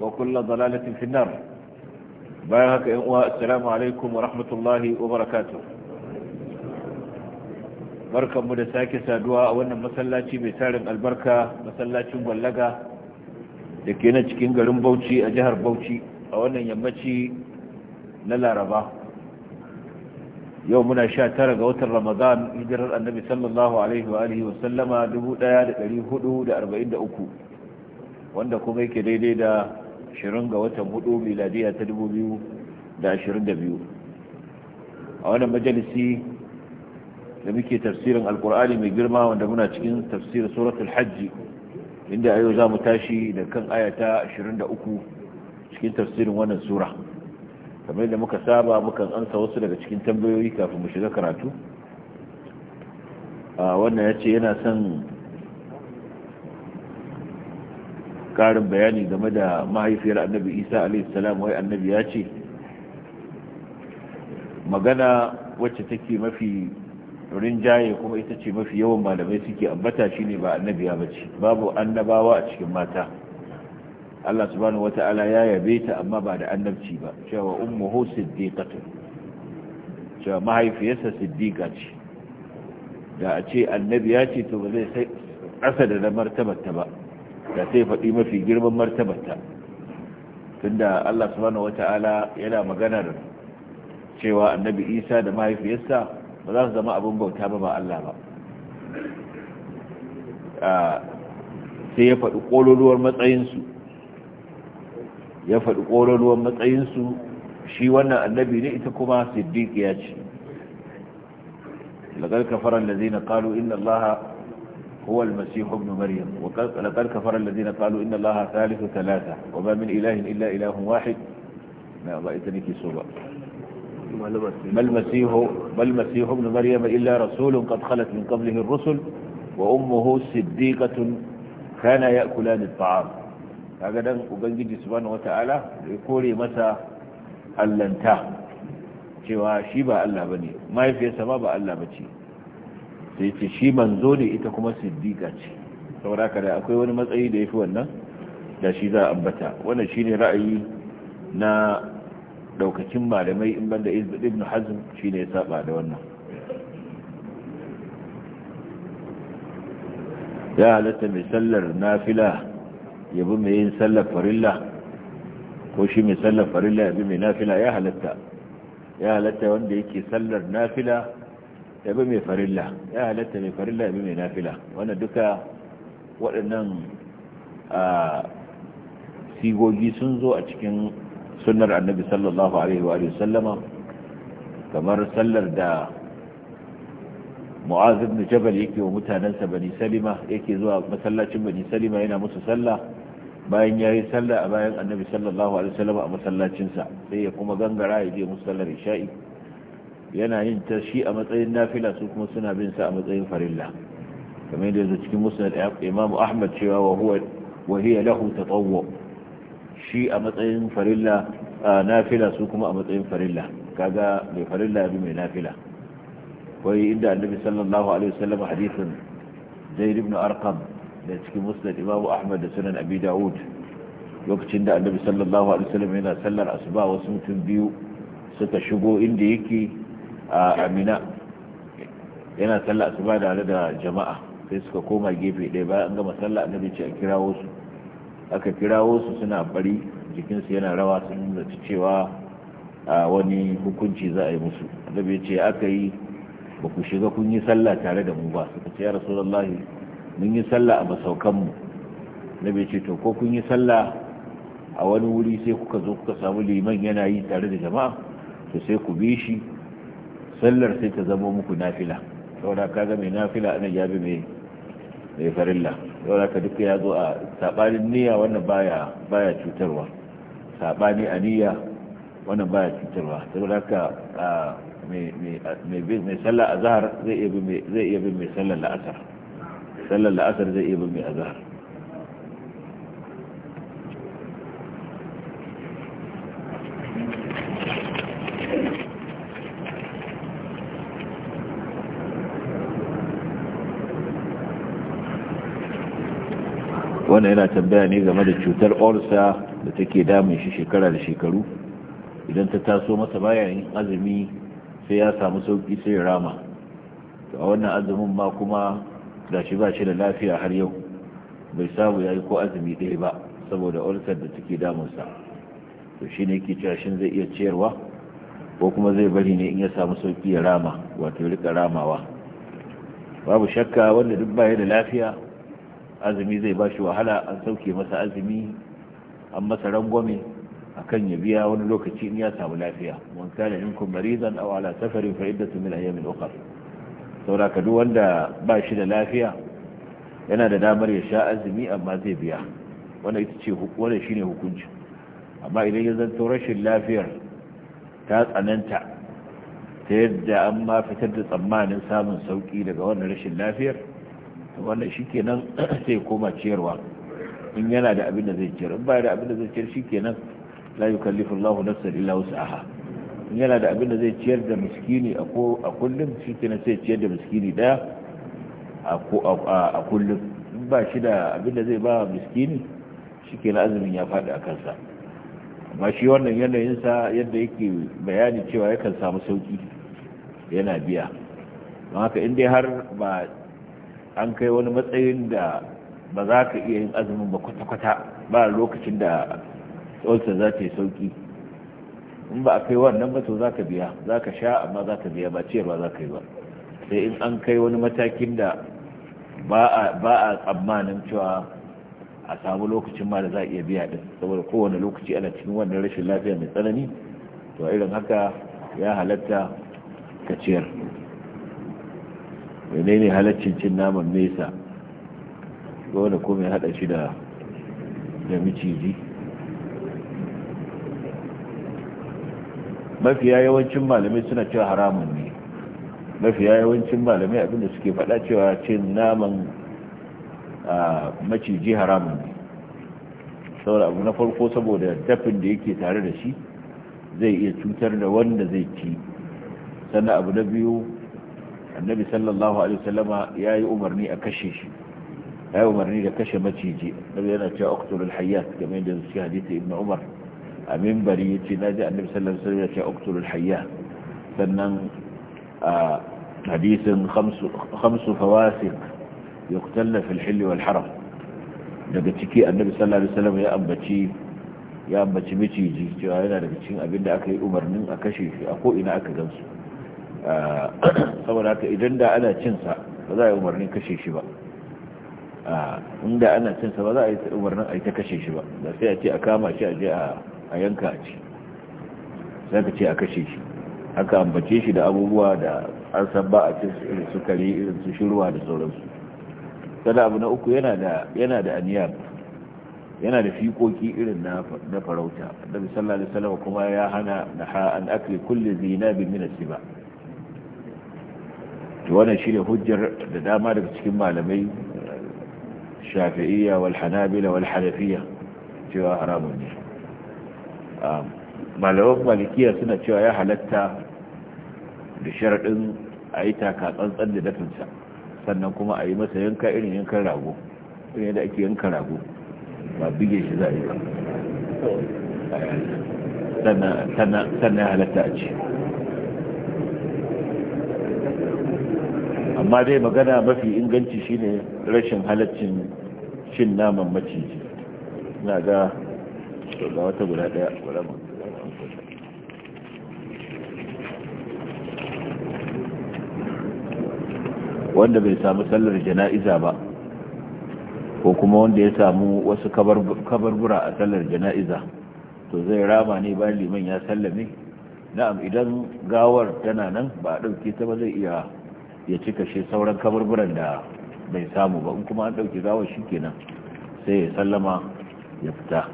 wa kulla dalalatin finnar bayan haka yan uwa assalamu alaikum wa rahmatullahi wa barakatuh barkanmu da sake saduwa a wannan masallaci mai tarin albarka masallacin gwallaga da ke na cikin garin bauchi a jihar bauchi a wannan yammaci na laraba yau muna sha tara ga watan ramadan hijirar annabi sallallahu alaihi wa alihi wasallama uku, wanda kuma yake daidai da 20 ga watan hudu miladiya ta 2022 a wannan majalisi da muke tafsirin alkur'ani mai girma wanda muna cikin tafsirin suratul hajji inda a yau za mu tashi da kan ayata 23 cikin tafsirin wannan sura kamar da muka saba mukan ansa wasu daga cikin tambayoyi kafin mu shiga karatu a wannan ya ce yana son karin bayani game da mahaifiyar annabi isa alaihissalam wai annabi ya ce magana wacce take mafi rinjaye kuma ita ce mafi yawan malamai suke ambata shi ne ba annabiya ba ce babu annabawa a cikin mata Allah subhanahu wata'ala ya yabe ta amma ba da annabci ba cewa ummuhu siddiqatu cewa mahaifiyarsa siddiqa ce da a ce annabiya ce to ba zai sai ƙasa da martabar ta ba da sai faɗi mafi girman martabarta tunda Allah subhanahu yana maganar cewa annabi isa da mahaifiyarsa ba za su zama abin bauta ba ba Allah ba sai ya faɗi ƙololuwar matsayinsu ya faɗi ƙololuwar matsayinsu shi wannan annabi ne ita kuma siddiq ya ce lagar kafaran da zai na ƙalu inna allaha هو المسيح ابن مريم ولقد كفر الذين قالوا إن الله ثالث ثلاثة وما من إله إلا إله واحد ما الله إتنكي سوبا ما المسيح, ما المسيح ابن مريم إلا رسول قد خلت من قبله الرسل وأمه صديقة كان يأكلان الطعام هكذا أبنجي سبحانه وتعالى يقول متى ألنتاه cewa shi ba Allah ba ne mahaifiyarsa ba ba Allah ba ce sai ce shi manzo ne ita kuma siddiqa ce saboda kada akwai wani matsayi da yafi wannan da shi za a ambata wannan shine ra'ayi na daukacin malamai in banda ibn hazm shine ya saba da wannan ya halatta mai sallar nafila ya bi mai yin sallar farilla ko shi mai sallar farilla ya bi mai nafila ya halatta ya halatta wanda yake sallar nafila yabi mai farilla ya halatta mai farilla ya bi mai nafila wannan duka waɗannan sigogi sun zo a cikin sunar annabi sallallahu alaihi wa sallama kamar sallar da mu'az ibn jabal yake wa mutanensa bani salima yake zuwa masallacin bani salima yana musu sallah bayan yayi sallah a bayan annabi sallallahu alaihi wa sallama a masallacinsa sai ya kuma gangara ya je musu sallar isha'i yana yin ta shi a matsayin nafila su kuma suna bin sa a matsayin farilla kamar yadda yanzu cikin musnad imam ahmad cewa wa huwa wa hiya lahu tatawwu shi a matsayin farilla nafila su kuma a matsayin farilla kaga mai farilla bi mai nafila wai inda annabi sallallahu alaihi wasallam hadithin zaid ibn arqam da cikin musnad imam ahmad da sunan abi daud lokacin da annabi sallallahu alaihi wasallam yana sallar asuba wasu mutum biyu suka shigo inda yake a amina yana sallah asuba da da jama'a sai suka koma gefe ɗaya bayan an gama sallah annabi ce a kirawo su aka kirawo su suna bari jikinsu yana rawa sun da cewa a wani hukunci za a yi musu annabi ce aka yi ba ku shiga kun yi sallah tare da mu ba suka ce ya rasulullahi mun yi sallah a masaukan mu annabi ce to ko kun yi sallah a wani wuri sai kuka zo kuka samu liman yana yi tare da jama'a to sai ku bi shi sallar sai ta zama muku nafila saboda ga mai nafila ana jabi mai mai farilla saboda ka duka ya zo a sabanin niyya wannan baya baya cutarwa sabani a niyya wannan baya cutarwa saboda ka mai sallar azhar zai iya bin zai iya bin mai sallar la'asar sallar la'asar zai iya bin mai azhar Thank you. wannan yana tambaya ne game da cutar olsa da take damun shi shekara da shekaru idan ta taso masa bayan azumi sai ya samu sauki sai rama to a wannan azumin ma kuma da shi ba shi da lafiya har yau bai samu ya yi ko azumi ɗaya ba saboda olsar da take damunsa to shi ne ke cewa zai iya ciyarwa ko kuma zai bari ne in ya samu sauki ya rama wato ya rika ramawa babu shakka wanda duk baya da lafiya azumi zai ba shi wahala an sauke masa azumi an masa rangwame akan ya biya wani lokaci in ya samu lafiya man kana minkum maridan aw ala safarin fa su min yamin ukhra saboda ka duk wanda ba shi da lafiya yana da damar ya sha azumi amma zai biya wannan ita ce wannan shine hukunci amma idan ya zanto rashin lafiyar ta tsananta ta yadda an ma fitar da tsammanin samun sauki daga wannan rashin lafiyar wannan shikenan sai koma ciyarwa in yana da abin da zai ciyar in ba da abin da zai ciyar shikenan la yukallifu Allahu nafsan illa wus'aha in yana da abin da zai ciyar da miskini a kullum shikenan sai ciyar da miskini daya a kullum in ba shi da abin da zai ba miskini shikenan azumin ya fadi a kansa amma shi wannan yanayin sa yadda yake bayani cewa yakan samu sauki yana biya don haka in dai har ba an kai wani matsayin da ba za ka iya yin azumin ba kwata-kwata ba lokacin da tsolta za ta yi sauki in ba a kai wannan ba to za ka biya za ka sha amma za ka biya ba ce ba za ka yi ba sai in an kai wani matakin da ba a tsammanin cewa a samu lokacin ma da za a iya biya din saboda kowane lokaci ana cikin wannan rashin lafiya mai tsanani to irin haka ya halatta ka ciyar menene halaccin cin naman mesa wanda ko mai hada shi da da miciji mafiya yawancin malamai suna cewa haramun ne mafiya yawancin malamai abinda suke faɗa cewa cin naman maciji haramun ne saboda abu na farko saboda dafin da yake tare da shi zai iya cutar da wanda zai ci sannan abu na biyu annabi sallallahu alaihi wasallama yi umarni a kashe shi yi umarni da kashe maciji annabi yana cewa uqtulul hayyat kamar yadda su hadisi ibn umar a minbari yace naji annabi sallallahu alaihi wasallam ya ce uqtulul hayyat sannan a hadisin khamsu khamsu fawasiq yuqtalna fil hil wal haram daga ciki annabi sallallahu alaihi wasallam ya ambaci ya ambaci miciji cewa yana daga cikin abin da aka yi umarnin a kashe shi a ko ina aka gamsu. Ah, saboda haka idan da ana cinsa ba za a yi umarnin kashe shi ba ah, inda ana cinsa ba za a yi umarnin a yi ta kashe shi ba da sai a ce a kama shi a je a yanka a ci za ka ce a kashe shi haka ambace shi da abubuwa da an san ba a cin irin su kare irin su shirwa da sauransu sada abu na uku yana da aniyar yana da fikoki irin na farauta da misalla da salama kuma ya hana da an akli kulli zinabi min as-siba to wannan shine hujjar da dama daga cikin malamai shafi'iyya wal hanabila wal hanafiyya cewa haramun ne malaman malikiya suna cewa ya halatta da sharaɗin a yi taka tsantsan da dafinsa sannan kuma a yi masa yanka irin yankan rago irin yadda ake yankan rago ba bige shi za a yi ba sannan halatta a ce amma dai magana mafi inganci shine rashin halaccin cin naman maciji na ga ga wata guda daya guda wanda bai samu sallar jana'iza ba ko kuma wanda ya samu wasu kabarbura a sallar jana'iza to zai rama ne bayan liman ya sallame na'am idan gawar tana nan ba a ɗauke ta ba zai iya ya cika shi sauran kaburburan da bai samu ba in kuma an ɗauki gawar shi kenan sai ya sallama ya fita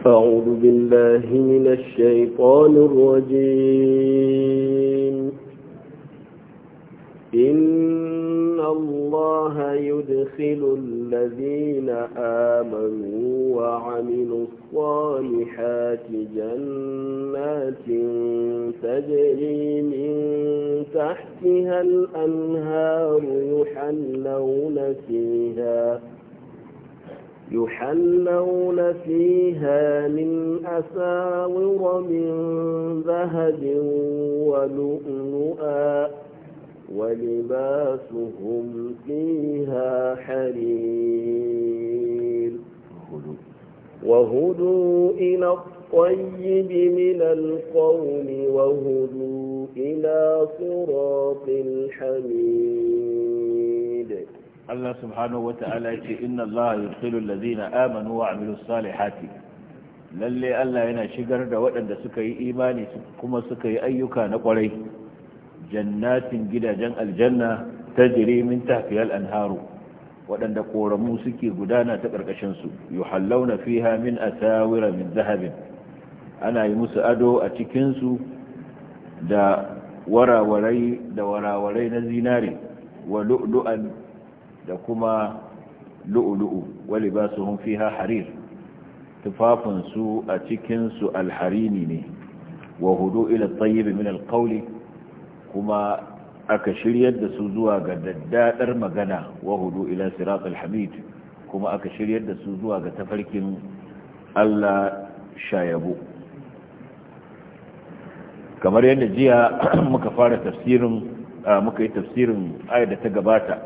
أعوذ بالله من الشيطان الرجيم إن الله يدخل الذين آمنوا وعملوا الصالحات جنات تجري من تحتها الأنهار يحلون فيها يحلون فيها من أساور من ذهب ولؤلؤا ولباسهم فيها حرير وهدوا إلى الطيب من القول وهدوا إلى صراط الحميد الله سبحانه وتعالى إن الله يدخل الذين آمنوا وعملوا الصالحات lalle Allah yana shigar da waɗanda suka yi imani kuma suka yi ayyuka na ƙwarai jannatin gidajen aljanna ta jire min tafiyal anharu waɗanda ƙoramu suke gudana ta ƙarƙashinsu yuhallauna fiha min asawira min zahabin ana yi musu ado a cikinsu da warawarai da warawarai na zinari wa lu'lu'an da kuma lu'lu'u wa libasuhum fiha harir tufafinsu a cikinsu alharini ne wa hudu ila tsayyib min alqawli kuma aka shiryar da su zuwa ga daddadar magana wa hudu ila siratul hamid kuma aka shiryar da su zuwa ga tafarkin Allah shayabu kamar yadda jiya muka fara tafsirin muka yi tafsirin aya da ta gabata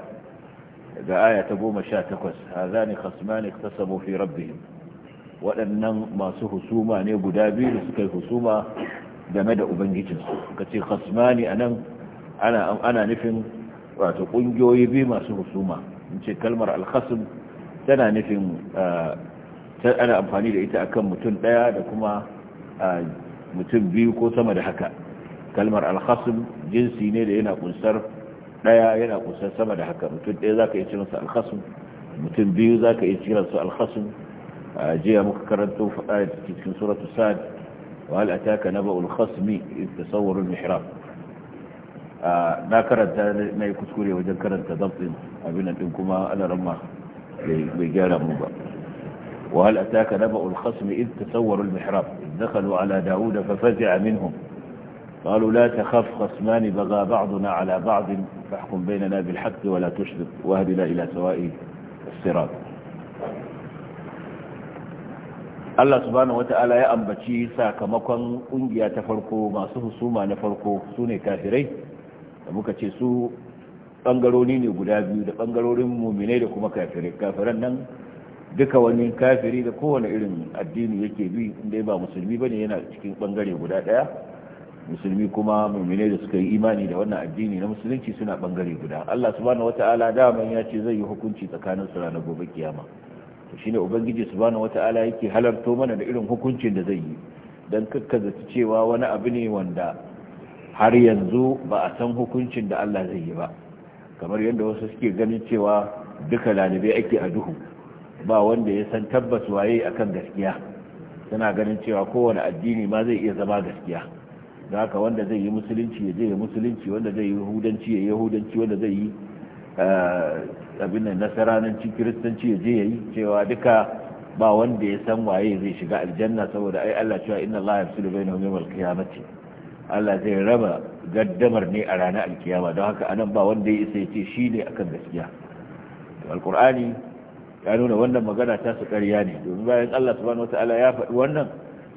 daga aya ta goma sha takwas hazani khasmani iktasamu fi rabbihim waɗannan masu husuma ne guda biyu da suka yi husuma game da ubangijinsu ka ce khasmani anan ana ana nufin wato kungiyoyi biyu masu husuma in ce kalmar alkhasm tana nufin eh, ana amfani da ita akan mutum daya da kuma eh, mutum biyu ko sama da haka kalmar alkhasm jinsi ne da yana kunsar daya yana kunsar sama da haka mutum daya zaka iya kiransa alkhasm mutum biyu zaka iya kiransa alkhasm eh, jiya muka karanto fada cikin suratul sad وهل أتاك نبأ الخصم إذ تصور المحراب ما آه، كرت ما يكتكولي kuskure كرت ضبط zafin إنكما أنا رمى ana مبا وهل أتاك نبأ الخصم إذ تصوروا المحراب إذ دخلوا على داود ففزع منهم قالوا لا تخف خصمان بغى بعضنا على بعض فاحكم بيننا بالحق ولا تشرك واهدنا إلى سواء الصراط Allah subhanahu wata'ala ya ambaci sakamakon ƙungiya ta farko masu husuma na farko su ne kafirai da muka ce su bangarori ne guda biyu da bangarorin muminai da kuma kafirai kafiran nan duka wani kafiri da kowane irin addini yake bi inda ba musulmi bane yana cikin bangare guda ɗaya musulmi kuma muminai da suka yi imani da wannan addini na musulunci suna bangare guda Allah subhanahu wata'ala daman ya ce zai yi hukunci tsakanin su ranar gobe kiyama shine ubangiji subhanahu wataala yake halarto mana da irin hukuncin da zai yi dan kakkazaci cewa wani abu ne wanda har yanzu ba a san hukuncin da Allah zai yi ba kamar yadda wasu suke ganin cewa duka lalibai ake a duhu ba wanda ya san tabbas waye akan gaskiya suna ganin cewa kowane addini ma zai iya zama gaskiya da haka wanda zai yi musulunci ya je ya musulunci wanda zai yi yahudanci ya yahudanci wanda zai yi Eh, abin nasaranancin kiristanci ya je ya yi cewa duka ba wanda ya san waye zai shiga aljanna saboda ai Allah cewa inna Allah sulu bainahum al qiyamati Allah zai raba gaddamar ne a ranar alkiyama don haka anan ba wanda ya isa ya ce shi ne akan gaskiya alkur'ani ya nuna wannan magana ta su ƙarya ne domin bayan Allah subhanahu wata'ala ya faɗi wannan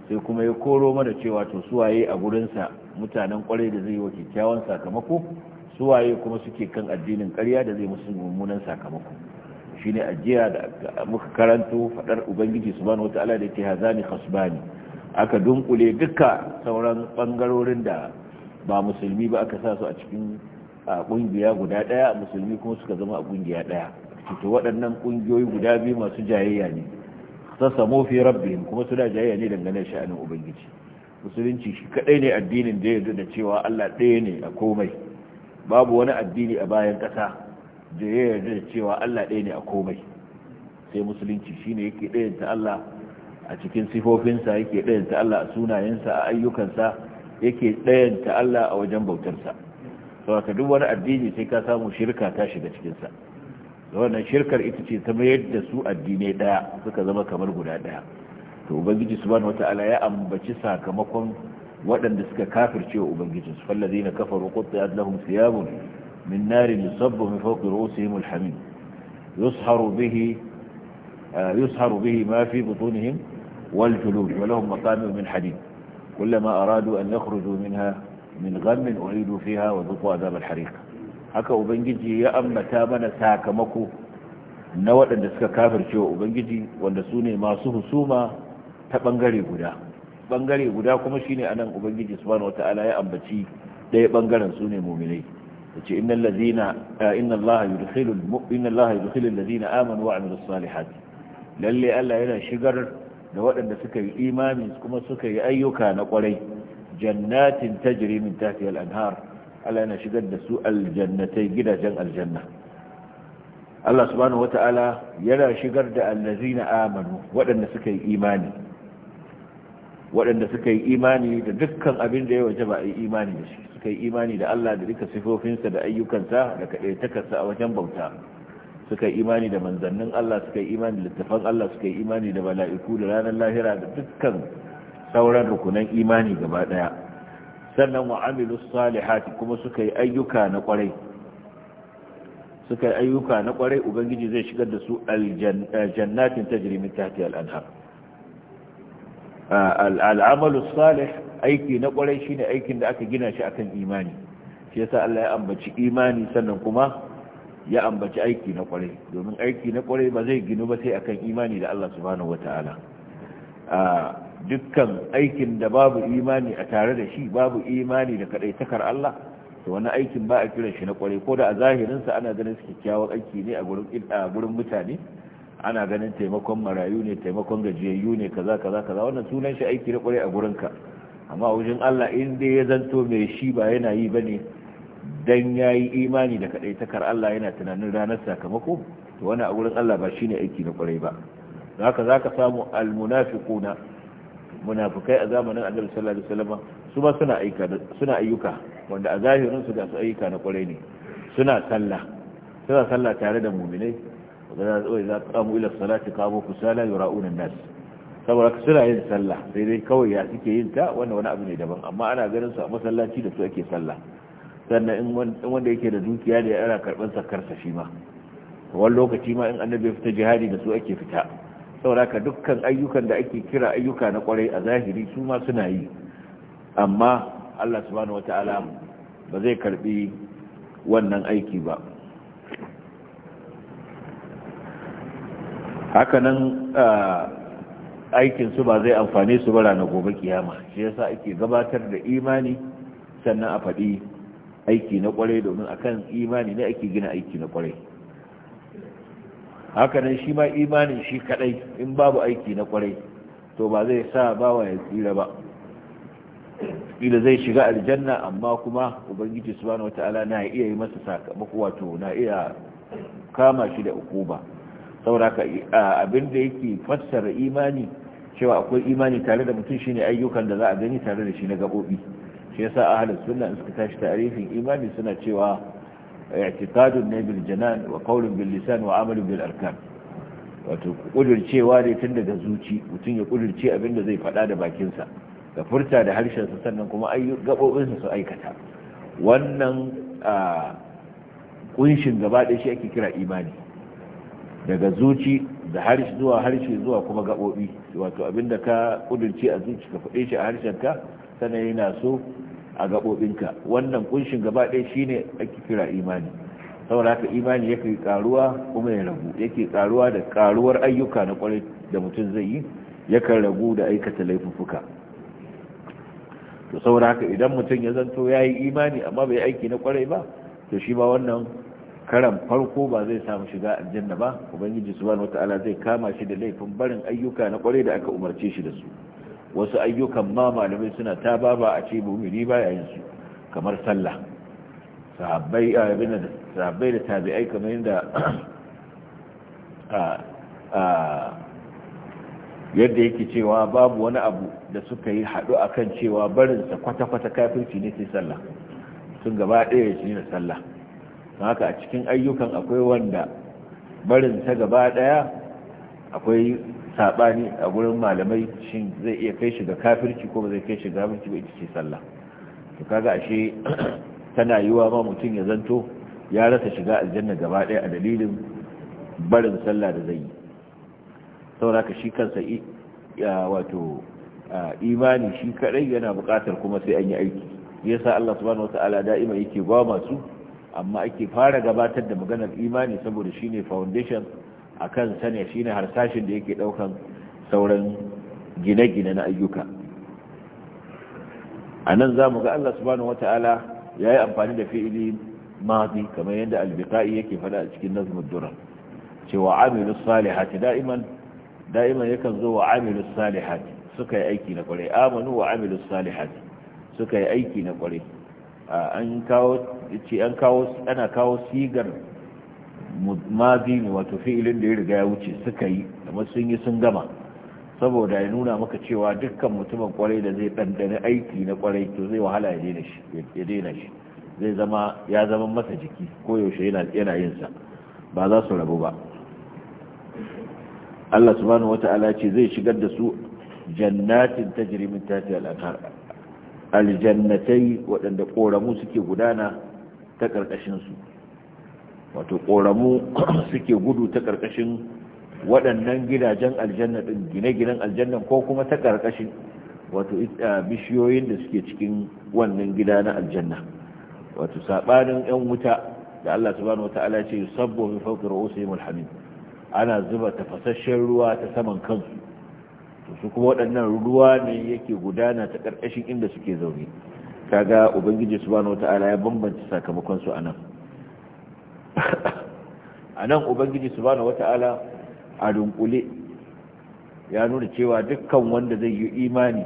sai kuma ya koro mana cewa to suwaye a gurinsa mutanen ƙwarai da zai yi wa kyakkyawan sakamako suwaye kuma suke kan addinin ƙarya da zai musu mummunan sakamako shi shine ajiya da muka karanto faɗar ubangiji su bani wata da yake hazani hasbani aka dunkule duka sauran ɓangarorin da ba musulmi ba aka sa su a cikin ƙungiya guda ɗaya musulmi kuma suka zama a kungiya daya cikin waɗannan ƙungiyoyi guda biyu masu jayayya ne sassa mafi rabbi kuma suna jayayya ne dangane sha'anin ubangiji musulunci shi kadai ne addinin da ya da cewa Allah ɗaya ne a komai babu wani addini a bayan kasa da ya yarda da cewa Allah ɗaya ne a komai sai musulunci shine yake ɗayanta Allah a cikin sifofinsa yake ɗayanta Allah a sunayensa a ayyukansa yake ta Allah a wajen bautarsa saboda duk wani addini sai ka samu shirka ta shiga cikinsa da wannan shirkar ita ce ta mayar da su addinai ɗaya suka zama kamar guda ɗaya to ubangiji subhanahu wataala ya ambaci sakamakon waɗanda suka kafirce wa ubangijinsu fallazi na kafaru qutti'at lahum siyabun min nari yusabbu min fawqi ru'usihim alhamim yusharu bihi yusharu bihi ma fi butunihim wal julud wa lahum maqamin min hadid kullama aradu an yakhruju minha min ghammin uridu fiha wa dhuqu adhab alhariq haka ubangiji ya ambata mana sakamako na waɗanda suka kafirce wa ubangiji wanda su ne masu husuma ta ɓangare guda bangare guda kuma shine anan ubangiji subhanahu wataala ya ambaci daya bangaren su ne mu'minai yace innal ladina eh, inna allaha yudkhilu inna allaha yudkhilu alladhina amanu wa amilus salihat lalle Allah yana shigar da waɗanda suka yi imani kuma suka yi ayyuka na ƙwarai, jannatin tajri min tahtiha al-anhar Allah yana shigar da su aljannatai gidajen aljanna Allah subhanahu wata'ala yana shigar da allazina amanu waɗanda suka yi imani waɗanda suka yi imani da dukkan abin da ya waje ba a yi imani da shi suka yi imani da Allah da duka sifofinsa da ayyukansa da kaɗaitakarsa a wajen bauta suka yi imani da manzannin Allah suka yi imani da littafan Allah suka yi imani da mala'iku da ranar lahira da dukkan sauran rukunan imani gaba ɗaya sannan wa amilu kuma suka yi ayyuka na kwarai suka yi ayyuka na kwarai ubangiji zai shigar da su aljannatin eh, tajri min tahtiha al-anhar al'amalu salih aiki na kwarai shine aikin da aka gina shi akan imani shi yasa Allah ya ambaci imani sannan kuma ya ambaci aiki na ƙwarai, domin aiki na ƙwarai ba zai ginu ba sai akan imani da Allah subhanahu wataala a dukkan aikin da babu imani a tare da shi babu imani da kadaitakar Allah to wani aikin ba a kiran shi na ƙwarai, ko da a zahirinsa ana ganin su kyakkyawan aiki ne a gurin mutane ana ganin taimakon marayu ne taimakon gajiyayyu ne kaza kaza kaza wannan sunan shi aiki na kwarai a gurinka amma wajen Allah in dai ya zanto mai shi ba yana yi bane dan yayi imani da kadai takar Allah yana tunanin ranar sakamako to wannan a gurin Allah ba shine aiki na kwarai ba zaka zaka samu almunafiquna munafikai a zamanin Annabi sallallahu alaihi wasallam su ba suna aika suna ayyuka wanda a zahirin su da su ayyuka na kwarai ne suna sallah suna sallah tare da mu'minai وإذا قاموا إلى الصلاة قاموا كسالى يراؤون nas saboda suna yin sallah sai dai kawai ya suke yin ta wanda wani abu ne daban amma ana ganin su a masallaci da su ake sallah sannan in wanda yake da dukiya da yana karɓar karsa shi ma wani lokaci ma in annabi ya fita jihadi da su ake fita saboda ka dukkan ayyukan da ake kira ayyuka na kwarai a zahiri su ma suna yi amma Allah subhanahu wataala ba zai karɓi wannan aiki ba hakanan aikinsu ba zai amfane su ba ranar gobe kiyama shi yasa ake gabatar da imani sannan a faɗi aiki na ƙware domin akan imani ne ake gina aiki na kwarai hakanan shi ma imanin shi kaɗai in babu aiki na kwarai to ba zai sa bawa ya tsira ba ila zai shiga aljanna amma kuma ubangiji subhanahu wataala na iya yi masa sakamako wato na iya kama shi da ukuba sauraka abin da yake fassara imani cewa akwai imani tare da mutum shine ayyukan da za a gani tare da shi na gabobi shi yasa ahlus sunna suka tashi tarihin imani suna cewa i'tiqadun nabil janan wa qawlun bil lisan wa amalun bil arkan wato kudurcewa ne tun daga zuci mutum ya kudurce abin da zai faɗa da bakinsa da furta da harshen sa sannan kuma sa su aikata wannan kunshin gaba da shi ake kira imani daga zuci da harshe zuwa harshe zuwa kuma gaɓoɓi wato abinda ka kudurce a zuci ka faɗe shi a harshenka sannan yana so a gaɓoɓinka wannan kunshin gaba ɗaya shine ake kira imani saboda haka imani yake karuwa kuma ya ragu yake karuwa da karuwar ayyuka na kwarai da mutum zai yi yakan ragu da aikata laifuffuka to saboda haka idan mutum ya zanto ya yi imani amma bai aiki na kwarai ba to shi ba wannan karan farko ba zai samu shiga aljanna ba ubangiji subhanahu wata'ala zai kama shi da laifin barin ayyuka na kwarai da aka umarce shi da su wasu ayyukan ma malamai suna ta baba a ce mumini ba yayin su kamar sallah sahabbai sahabbai da tabi'ai kamar yadda yadda yake cewa babu wani abu da suka yi haɗu akan cewa barin sa kwata-kwata kafirci ne sai sallah sun gaba ɗaya shi ne sallah haka a cikin ayyukan akwai wanda barin ta gaba daya akwai sabani a gurin malamai shin zai iya kai shi ga kafirci ko ba zai kai shi ga kafirci ba ita ce sallah to kaga ashe tana yiwa ma mutum ya zanto ya rasa shiga aljanna gaba daya a dalilin barin sallah da zai yi saboda ka shi kansa wato imani shi kadai yana bukatar kuma sai an yi aiki yasa Allah subhanahu wataala da'ima yake ba masu amma ake fara gabatar da maganar imani saboda shine foundation akan sanya shine harsashin da yake daukan sauran gine-gine na ayyuka a nan za mu ga Allah subhanahu wata'ala ya yi amfani da fi'ili mazi kamar yadda albiqa'i yake fada a cikin nazmin duran cewa amilu salihati da'iman da'iman yakan zo wa amilu salihati suka yi aiki na kwarai amanu wa amilu salihati suka yi aiki na kwarai an kawo an kawo ana kawo sigar mazi ne wato fi'ilin da ya riga ya wuce suka yi amma sun yi sun gama saboda ya nuna maka cewa dukkan mutumin kwarai da zai ɗanɗani aiki na kwarai to zai wahala ya daina shi zai zama ya zama masa jiki ko yaushe yana yinsa ba za su rabu ba Allah subhanahu wata'ala ce zai shigar da su jannatin tajri min tahtiha al aljannatai waɗanda ƙoramu suke gudana ta ƙarƙashinsu wato ƙoramu suke gudu ta ƙarƙashin waɗannan gidajen aljanna ɗin gine-ginen aljannan ko kuma ta ƙarƙashin wato bishiyoyin da suke cikin wannan gida na aljanna wato saɓanin 'yan wuta da Allah subhanahu wa ta'ala ce sabbo min fawqi ru'usihim alhamim ana zuba tafasasshen ruwa ta saman kansu to su kuma waɗannan ruwa ne yake gudana ta ƙarƙashin inda suke zaune kaga ubangiji subhanahu wata'ala ya bambanta sakamakon su anan anan ubangiji subhanahu wata'ala a dunkule ya nuna cewa dukkan wanda zai yi imani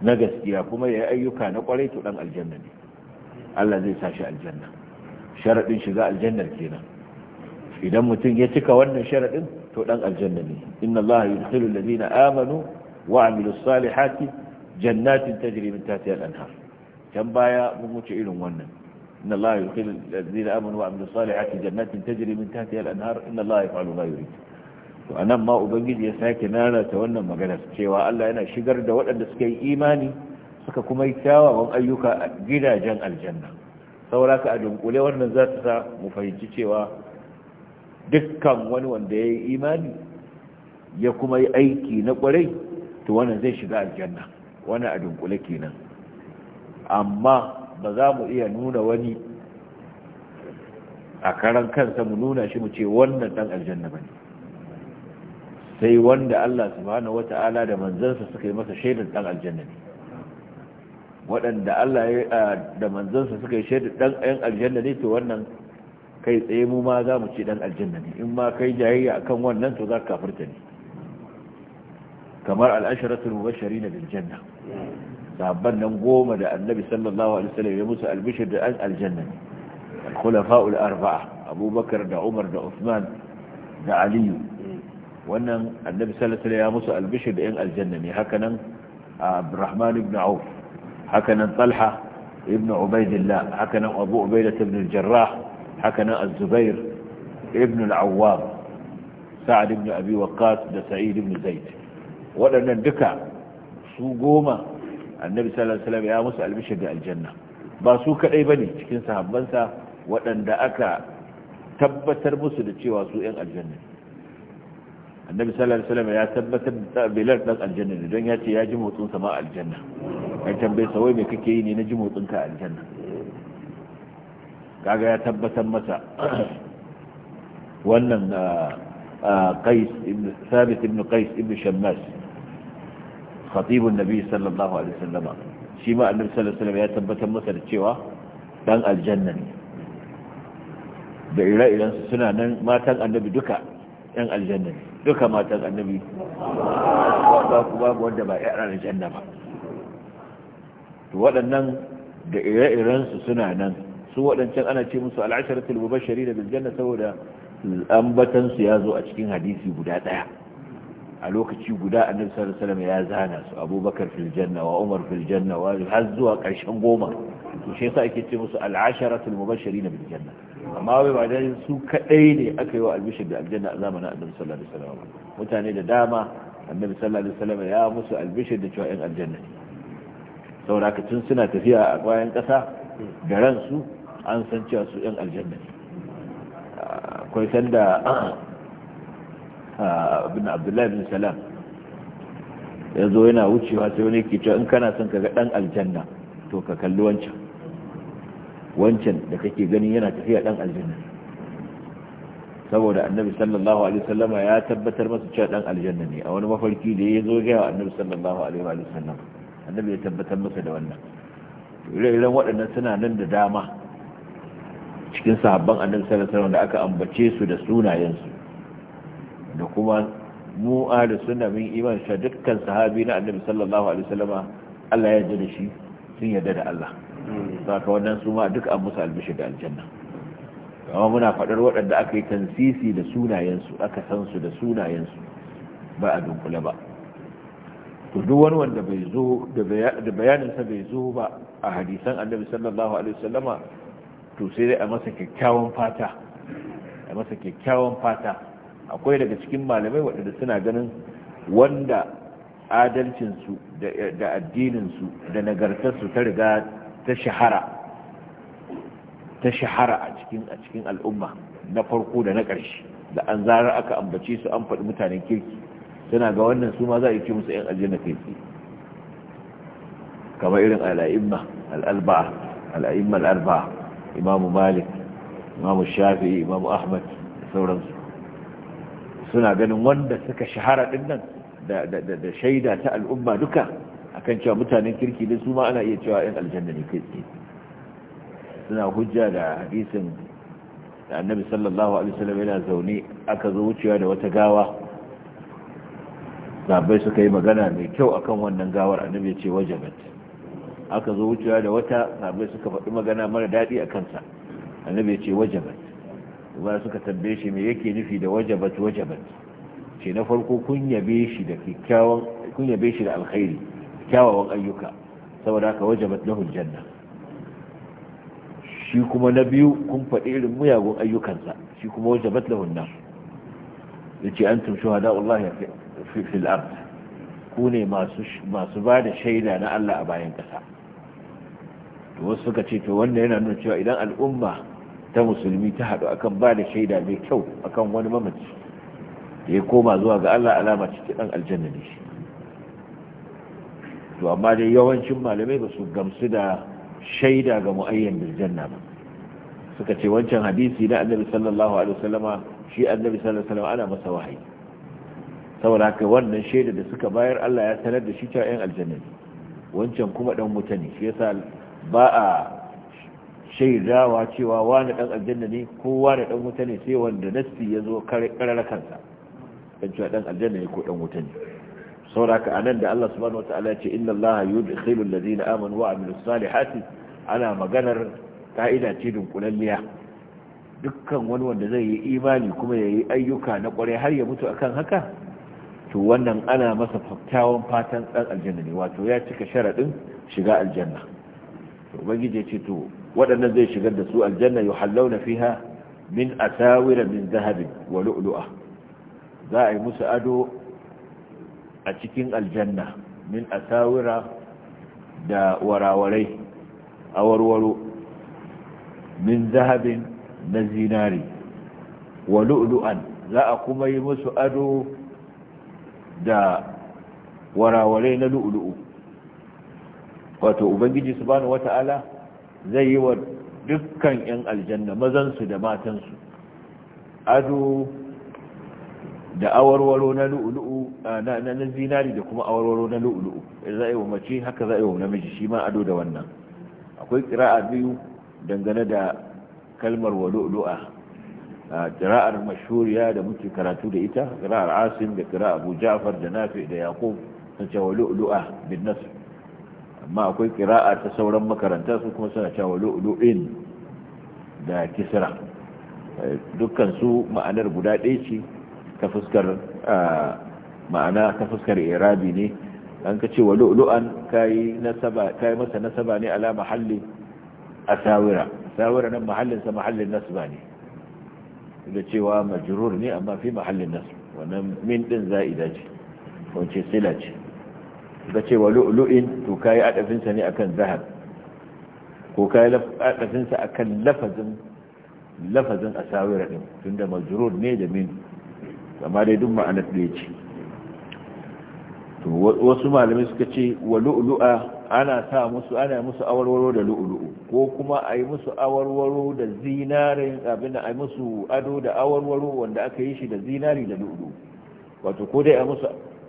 na gaskiya kuma ya ayyuka na kwarai to dan aljanna ne Allah zai sa shi aljanna sharadin shiga aljannar kenan idan mutum ya cika wannan sharadin to dan aljanna ne inna allaha yudkhilu alladhina amanu wa amilus salihati jannatin tajri min tahtiha al-anhar can baya mun wuce irin wannan inna allaha yudkhilu alladhina amanu wa amilus salihati jannatin tajri min tahtiha al-anhar inna allaha yaf'alu ma yurid to anan ma ubangiji ya sake nanata wannan magana cewa Allah yana shigar da waɗanda suka yi imani suka kuma yi kyawawan ayyuka gidajen aljanna ka a dunkule wannan za ta sa mu fahimci cewa dukkan wani wanda ya yi imani ya kuma yi aiki na kwarai to wani zai shiga aljanna wani a dunkule kenan amma ba za mu iya nuna wani a karan kansa mu nuna shi mu ce wannan dan aljanna ne. sai wanda Allah subhanahu wata'ala da manzansa suka yi masa shaidar dan aljanna ne waɗanda Allah da manzansa suka yi shaidar dan aljanna ne to wannan kai tsaye mu ma za mu ce ɗan aljanna ne in ma kai jayayya kan wannan to za ka kafirta ne kamar al'asharatul mubashirin bil janna sahabban nan goma da annabi sallallahu alaihi wasallam ya musu albishir da an aljanna ne al-khulafa'ul arba'a abubakar da umar da usman da aliyu wannan annabi sallallahu alaihi wasallam ya musu albishir da yan aljanna ne haka nan abdurrahman ibn auf haka nan talha ibn ubaidillah haka nan abu ubaidah ibn jarrah hakanan az-zubair ibn al-awwam sa'ad ibn abi waqqas da sa'id ibn zaid waɗannan duka su goma annabi sallallahu alaihi wasallam ya musu albishir da aljanna ba su kadai bane cikin sahabbansa waɗanda aka tabbatar musu da cewa su 'yan aljanna annabi sallallahu ya tabbatar da bilal ɗan aljanna ne don ya ce ya ji motsin sama aljanna an tambaye sa wai me kake yi ne na ji motsin ka aljanna Gaga ya tabbatar masa wannan ah, ah, qais ibn qais ibn shammas khatibun nabi sallallahu alaihi wasallam shi ma annabi sallallahu alaihi wasallam ya tabbatar masa da cewa dan aljanna ne da ire-iren su suna nan matan annabi duka yan aljanna ne duka matan annabi ba ku babu wanda ba ya aljanna ba to waɗannan da ire-iren su suna nan su waɗancan ana ce musu al'asharatul shari da biljanna saboda ambatan su ya zo a cikin hadisi guda ɗaya a lokaci guda a sallallahu alaihi ya zana su abubakar fil wa umar fil janna wa har zuwa ƙarshen goma to shi yasa ake ce musu al'asharatul mubashari da biljanna amma wai ba dai su kadai ne aka yi wa albishir da aljanna a zamanin annabi sallallahu alaihi wasallam mutane da dama annabi sallallahu alaihi wasallam ya musu albishir da cewa yan aljanna ne saboda tun suna tafiya a bayan ƙasa da ransu an san cewa su yan aljanna ne akwai sanda ah, abin abdullahi bin salam ya zo yana wucewa sai wani ke cewa in kana son ka ga dan aljanna to ka kalli wancan wancan da kake ganin yana tafiya dan aljanna saboda annabi sallallahu alaihi wasallam ya tabbatar masa cewa dan aljanna ne a wani mafarki da ya zo ga annabi sallallahu alaihi wasallam annabi ya tabbatar masa da wannan ire-iren waɗannan suna nan da dama cikin sahabban annabi sallallahu alaihi wasallam da aka ambace su da sunayensu da kuma mu ahli sunna min iman sha dukkan sahabi na annabi sallallahu alaihi wasallama Allah ya jira da shi sun yarda da Allah saka wannan su ma duk an musu albishi da aljanna amma muna faɗar waɗanda aka yi tansisi da sunayensu aka san su da sunayensu ba a dunkule ba to duk wani wanda bai zo da bayanin sa bai zo ba a hadisan annabi sallallahu alaihi wasallama to sai dai a masa kyakkyawan fata a masa kyakkyawan fata akwai daga cikin malamai waɗanda suna ganin wanda adalcinsu da addininsu da nagartarsu ta riga ta shahara ta shahara a cikin a cikin al'umma na farko da na ƙarshe da an zarar aka ambace su an faɗi mutanen kirki suna ga wannan su ma za a yi ce musu 'yan aljanna kai tsaye kamar irin al'a'imma al'alba'a al'a'imma al'arba'a imamu malik imamu shafi'i imamu ahmad da sauransu suna ganin wanda suka shahara din nan da shaida ta al'umma duka akan cewa mutanen kirki din su ma ana iya cewa yan aljanna ne kai suna hujja da hadisin da annabi sallallahu alaihi wasallam yana zaune aka zo wucewa da wata gawa zabai suka yi magana mai kyau akan wannan gawar annabi ya ce wajabat aka zo wucewa da wata sahabbai suka faɗi magana mara daɗi a kansa annabi ce wajabat ba suka tambaye shi me yake nufi da wajabat wajabat ce na farko kun yabe shi da kyakkyawan kun yabe shi da alkhairi kyawawan ayyuka saboda haka wajabat lahu aljanna shi kuma na biyu kun faɗi irin muyagun ayyukansa shi kuma wajabat lahu an-nar yace antum shuhada'ullahi fi fil ard ku ne masu ba da shaida na Allah a bayan kasa. to wasu suka ce to wannan yana nuna cewa idan al'umma ta musulmi ta haɗu akan ba da shaida mai kyau akan wani mamaci da ya koma zuwa ga Allah alama ce ta dan aljanna ne to amma dai yawancin malamai ba su gamsu da shaida ga mu'ayyan bil janna ba suka ce wancan hadisi na annabi sallallahu alaihi wasallama shi annabi sallallahu alaihi wasallama ana masa wahayi saboda haka wannan shaida da suka bayar Allah ya sanar da shi cewa yan aljanna ne wancan kuma dan mutane shi yasa ba a shaidawa cewa wani ɗan aljanna ne ko wani ɗan wuta ne sai wanda nassi ya zo karar kansa ɗan cewa ɗan aljanna ne ko ɗan wuta ne sauraka anan da Allah subhanahu wataala ce inna khilun da zina amanu wa amilus salihati ana maganar ka'ida ce dunkulalliya dukkan wani wanda zai yi imani kuma ya yi ayyuka na kwarai har ya mutu akan haka to wannan ana masa kyakkyawan fatan ɗan aljanna ne wato ya cika sharaɗin shiga aljanna to ubangiji ya ce to waɗannan zai shigar da su aljanna yuhallawna fiha min asawira min zahabin wa lu'lu'a za a yi musu ado a cikin aljanna min asawira da warawarai a warwaro min zahabin na zinari wa lu'lu'an za a kuma yi musu ado da warawarai na lu'lu'u wato ubangiji subhanahu wata'ala zai yi wa dukkan yan aljanna mazansu da matansu ado da awarwaro na lu'ulu'u na zinari da kuma awarwaro na lu'ulu'u zai wa mace haka zai wa namiji shi ma ado da wannan akwai qira'a biyu dangane da kalmar wa lu'lu'a mashuriya da muke karatu da ita qira'ar asim da qira'ar abu ja'far da nafi da yaqub ta ce wa lu'lu'a bin nasr amma akwai kira'a ta sauran makaranta su kuma suna cewa lu'lu'in da kisra eh, dukkan su ma'anar guda ɗaya ce ta fuskar ma'ana ta fuskar irabi ne an ka ce wa lu'lu'an ka yi masa nasaba ne ala mahalli asawira sawira nan mahallin sa mahallin nasba ne da cewa majurur ne amma fi mahallin nasb wannan min din za'ida ce wance sila ce ta ce wa lu'lu'in to kayi adafinsa ne akan zahab ko kayi adafinsa akan lafazin lafazin asawira din tunda majrur ne da min amma dai duk ma'anar da ce to wasu malamai suka ce wa lu'lu'a ana sa musu ana musu awarwaro da lu'lu'u ko kuma a yi musu awarwaro da zinarin abin da a yi musu ado da awarwaro wanda aka yi shi da zinari da lu'lu'u wato ko dai a musu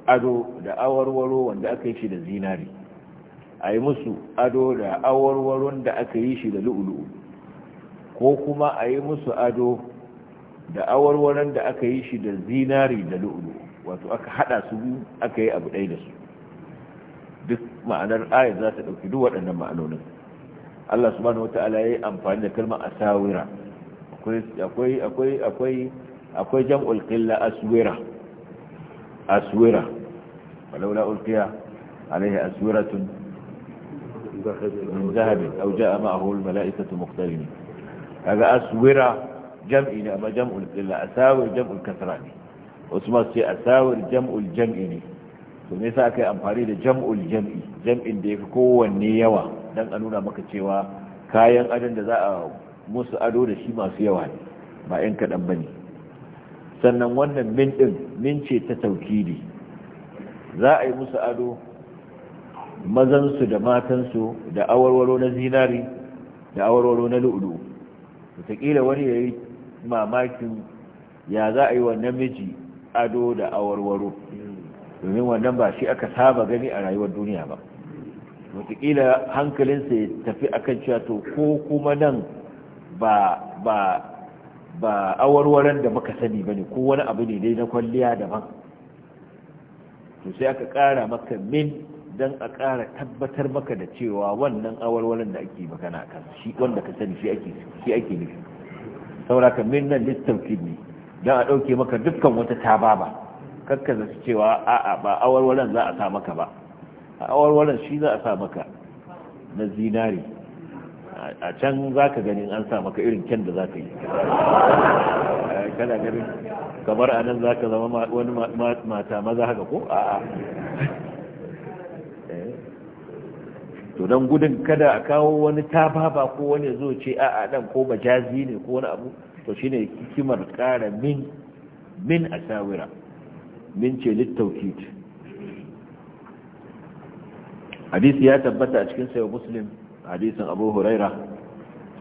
ado da awarwaro wanda aka yi shi da zinari a yi musu ado da awarwaron da aka yi shi da lu'ulu'u ko kuma a yi musu ado da awarwaron da aka yi shi da zinari da lu'ulu'u wato aka hada su biyu aka yi abu ɗaya da su duk ma'anar ayat za ta ɗauki duk waɗannan ma'anonin Allah subhanahu wata'ala ya yi amfani da kalmar asawira akwai akwai akwai akwai jam'ul qilla aswira aswira walaula ulqiya alaihi aswiratun min zahabin aw jaa ma'ahu al mala'ikatu muqtarinin kaga aswira jam'i ne amma jam'ul qilla asawir jam'ul kathra ne wasu ma sai asawir jam'ul jam'i ne to me yasa aka yi amfani da jam'u jam'i jam'in da yafi kowanne yawa dan a nuna maka cewa kayan adon da za a musu ado da shi masu yawa ne ba yan kaɗan ba ne sannan wannan min ɗin min ce ta taukili za a yi musu ado mazansu da matansu da awarwaro na zinari da awarwaro na lu'ulu wataƙila wani ya yi mamakin ya za a yi wa namiji ado da awarwaro domin wannan ba shi aka saba gani a rayuwar duniya ba wataƙila hankalinsa ya tafi akan cewa to ko kuma nan ba ba ba awarwaran da muka sani bane ko wani abu ne dai na kwalliya daban to sai aka ƙara maka min don a ƙara tabbatar maka da cewa wannan awarwaran da ake magana kan shi wanda ka sani shi ake shi ake nufi saboda ka min nan littafin ne don a ɗauke maka dukkan wata tababa kakka zasu cewa a'a ba awarwaran za a sa maka ba a awarwaran shi za a sa maka na zinari a can za ka gani an sa maka irin kyan da za ka yi eh, kada gani kamar a nan za ka zama wani mata maza haka ko a'a eh. to don gudun kada a kawo wani tababa ko wani zo ce a'a dan ko jazi ne ko wani abu to shi ne hikimar kara min min asawira min ce littaukit hadisi ya tabbata a cikin sayo muslim hadisin abu huraira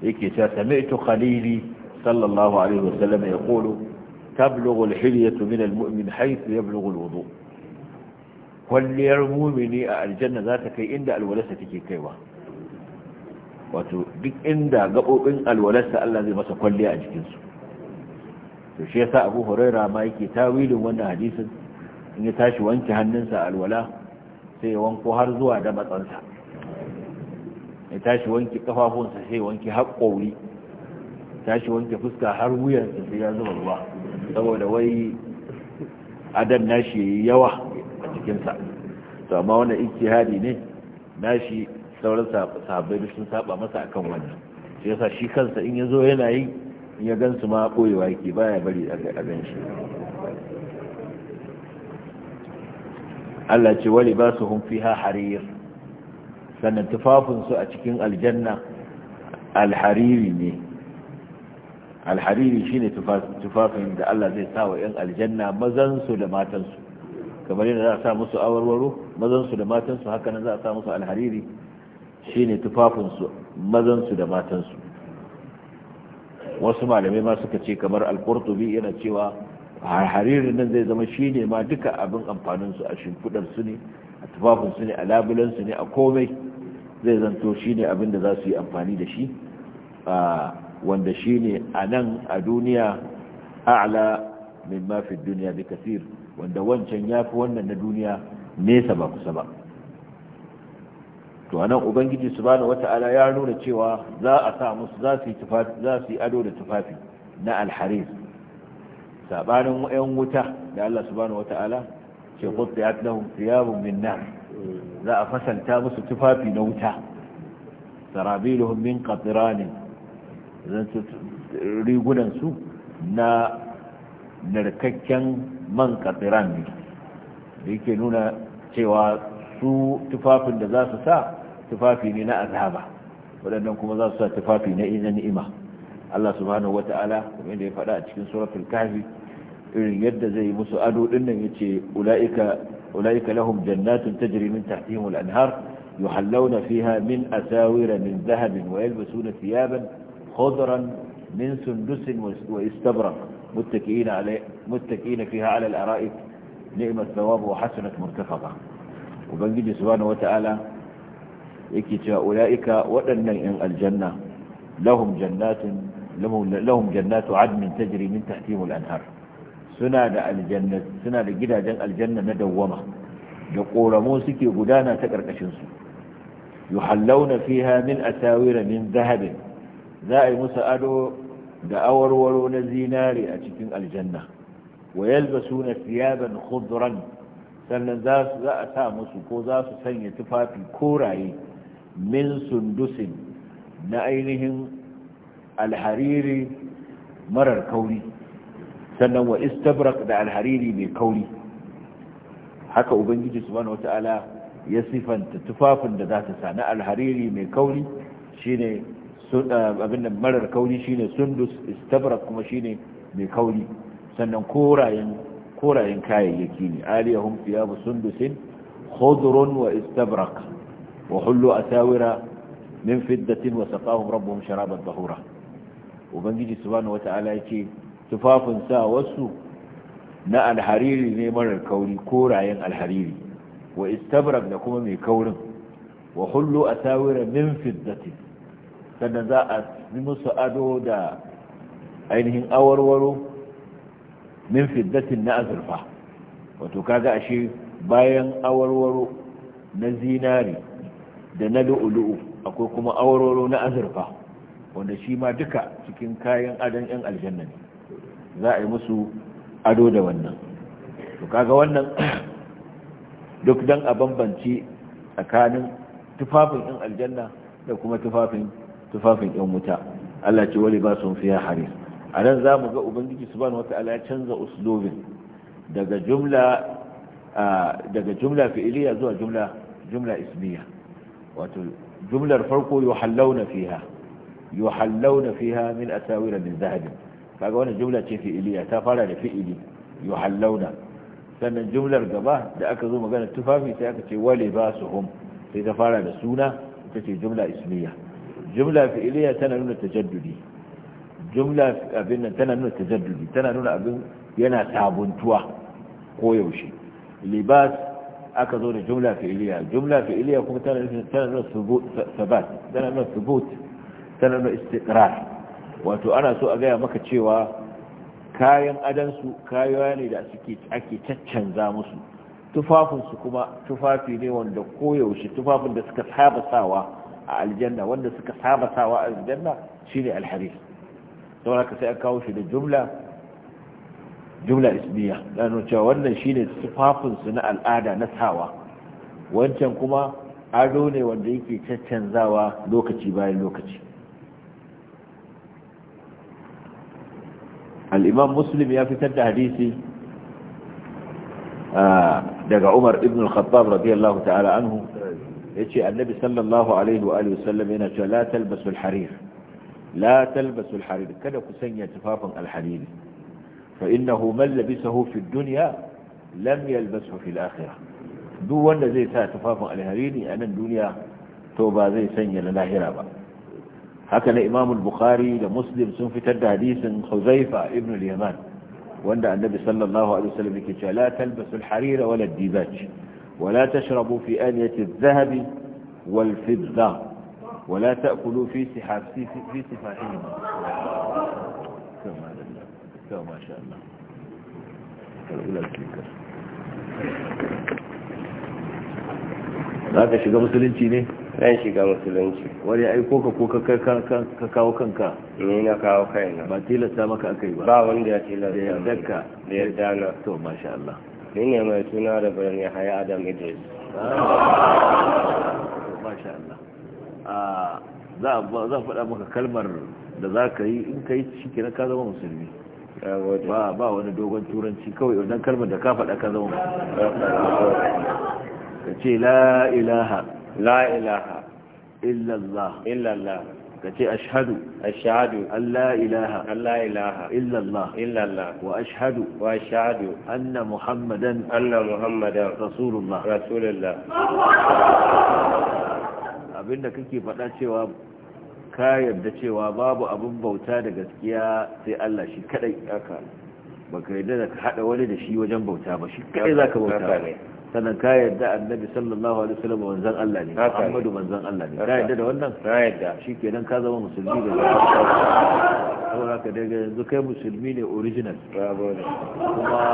yake cewa sami'tu khalili sallallahu alaihi wasallam ya qulu tablughu al-hilyatu min al haythu yablughu al-wudu kwalliyar mumini a aljanna za ta kai inda alwalarsa take kaiwa wato duk inda gaɓoɓin alwalarsa Allah zai masa kwalliya a jikinsu to shi yasa abu huraira ma yake tawilin wannan hadisin in ya tashi wanke hannunsa alwala sai ya wanko har zuwa da matsansa ya tashi wanke kafafunsa sai wanke haƙƙori tashi wanke fuska har wuyansa sai ya zuba ruwa saboda wai adam nashi yi yawa a cikinsa to amma wannan ijtihadi ne nashi sauran sahabbai sun saba masa akan wannan shi yasa shi kansa in ya zo yana yi in ya gansu ma koyewa yake baya bari a gan shi Allah ce wali ba su hun fiha harir sannan tufafinsu a cikin aljanna alhariri ne alhariri shi ne tufafin da Allah zai sa wa ƴan aljanna mazansu da matansu kamar yadda za a sa musu awarwaro mazansu da matansu haka nan za a sa musu alhariri shi ne tufafinsu mazansu da matansu wasu malamai ma suka ce kamar alkurtubi yana cewa haririn nan zai zama shi ne ma duka abin amfaninsu a shimfidarsu ne a tufafinsu ne a labulansu ne a komai zai zanto shi ne abin da za su yi amfani da shi wanda shi ne a nan a duniya a'la min mafi duniya bi kasir wanda wancan ya fi wannan na duniya nesa ba kusa ba to nan, ubangiji subhanahu wata'ala ya nuna cewa za a sa musu za su yi ado da tufafi na alharis sabanin yan wuta da Allah subhanahu wata'ala ce qutiyat lahum thiyabun min za a fasanta musu tufafi na wuta sarabiluhum min qatran zan su rigunan su na narkakken man qatran ne da yake nuna cewa su tufafin da za su sa tufafi ne na azhaba waɗannan kuma za su sa tufafi na inna ni'ima Allah subhanahu wata'ala kuma inda ya faɗa a cikin suratul kahfi irin yadda zai musu ado dinnan yace ulaika أولئك لهم جنات تجري من تحتهم الأنهار يحلون فيها من أساور من ذهب ويلبسون ثيابا خضرا من سندس واستبرق متكئين, عليه متكئين فيها على الأرائك نعم الثواب وحسنة مرتفقة وبنجي سبحانه وتعالى يكي أولئك وأن الجنة لهم جنات لهم جنات عدن تجري من تحتهم الأنهار suna da aljanna suna da gidajen aljanna na dawwama da ƙoramu suke gudana ta ƙarƙashin su yuhallawna fiha min asawira min zahabin za a yi musu ado da awarwaro na zinare a cikin aljanna wa suna siyaban khudran sannan za za a sa musu ko za su sanya tufafi koraye min sundusin na ainihin alhariri marar kauri sannan wa istabrak da alhariri mai kauri haka ubangiji subhanahu wata'ala ya sifanta tufafin da za ta sa na alhariri mai kauri shine eh, abin marar kauri shine sundus istabrak kuma shine mai kauri sannan korayen korayen kayayyaki ne aliyahum thiyabu sundusin khudrun wa istabrak wa hullu asawira min fiddatin wa saqahum rabbuhum sharaban tahura ubangiji subhanahu wata'ala yake tufafin sa wasu na alhariri ne marar kauri korayen alhariri wa istabrak da kuma mai kaurin wa hullu a tawira min fiddatin sannan za a yi musu ado da ainihin awarwaro min fiddatin na azurfa wato kaga ashe bayan awarwaro na zinari da na lu'ulu'u akwai kuma awarwaro na azurfa wanda shi ma duka cikin kayan adon 'yan aljanna ne za a yi musu ado da wannan to kaga wannan duk don a bambanci tsakanin tufafin ɗin aljanna da kuma tufafin tufafin ɗin wuta Allah ce wani ba sun fiya haris a nan za mu ga ubangiji wata ala ya canza uslubin daga jumla fi'iliya zuwa jumla ismiya wato jumlar farko yuhallawna fiha yuhallawna fiha min asawira min zahabin kaga wani jumla ce fi'iliya ta fara da fi'ili yuhallauna sannan jumlar gaba da aka zo magana tufafi sai aka ce wale ba su hum sai ta fara da suna ita ce jumla ismiya jumla fi'iliya tana nuna tajaddudi jumla abin nan tana nuna tajaddudi tana nuna abin yana sabuntuwa ko yaushe libas aka zo da jumla fi'iliya jumla fi'iliya kuma tana nuna sabat tana nuna subut tana nuna istiqrar wato ana so a gaya maka cewa kayan adansu kayuwa ne da suke ake caccanza musu tufafinsu kuma tufafi ne wanda koyaushe tufafin da suka saba sawa a aljanna wanda suka saba sawa a aljanna shine alharis saboda ka sai an kawo shi da jumla jumla ismiya dan cewa wannan shine ne tufafinsu na al'ada na sawa wancan kuma ado ne wanda yake caccanzawa lokaci bayan lokaci al'imam muslim ya fitar da hadisi ah, daga umar ibn al-khattab radiyallahu ta'ala anhu ya ce annabi sallallahu alaihi wa sallam yana cewa la talbasul harir la talbasul harir kada ku sanya tufafin alhariri fa innahu man labisahu fi dunya lam yalbasu fi al-akhirah duk wanda zai sa tufafin alhariri a nan duniya to ba zai sanya na lahira ba هكذا إ البخاري لمسلم سن في حديث خ ز ابن اليمان وعند النبي صلى الله عليه وسلم لا تلبسوا الحرير ولا الديباج ولا تشربوا في آ ن ي ة الذهب و ا ل ف ض ة ولا ت أ ك ل و ا في هذا شيء مسلم تيني ran shiga musulunci wani ai ko ka ko ka kawo kanka ni na kawo kaina ba tilasta maka akai ba ba wanda ya tilasta ya dakka da ya dana to masha Allah ni ne mai suna da ne haya adam idris ah. masha Allah ah, za a faɗa maka kalmar da za ka yi in ka yi shi ka zama musulmi ba ba wani dogon turanci kawai wannan kalmar da ka faɗa ka zama musulmi ka ce la ilaha la ilaha illallah illallah ka ce ashhadu ashhadu an la ilaha an la ilaha illallah illallah wa ashhadu wa ashhadu anna muhammadan anna muhammadan rasulullah rasulullah abinda kake faɗa cewa ka yarda cewa babu abin bauta da gaskiya sai Allah shi kadai haka baka yarda da ka hada wani da shi wajen bauta ba shi kadai zaka bauta ne sannan ka yadda annabi sallallahu alaihi wasallam manzon Allah ne Muhammadu manzon Allah ne ka yadda da wannan ka shi shikenan ka zama musulmi da zaka saboda ka daga yanzu kai musulmi ne original kuma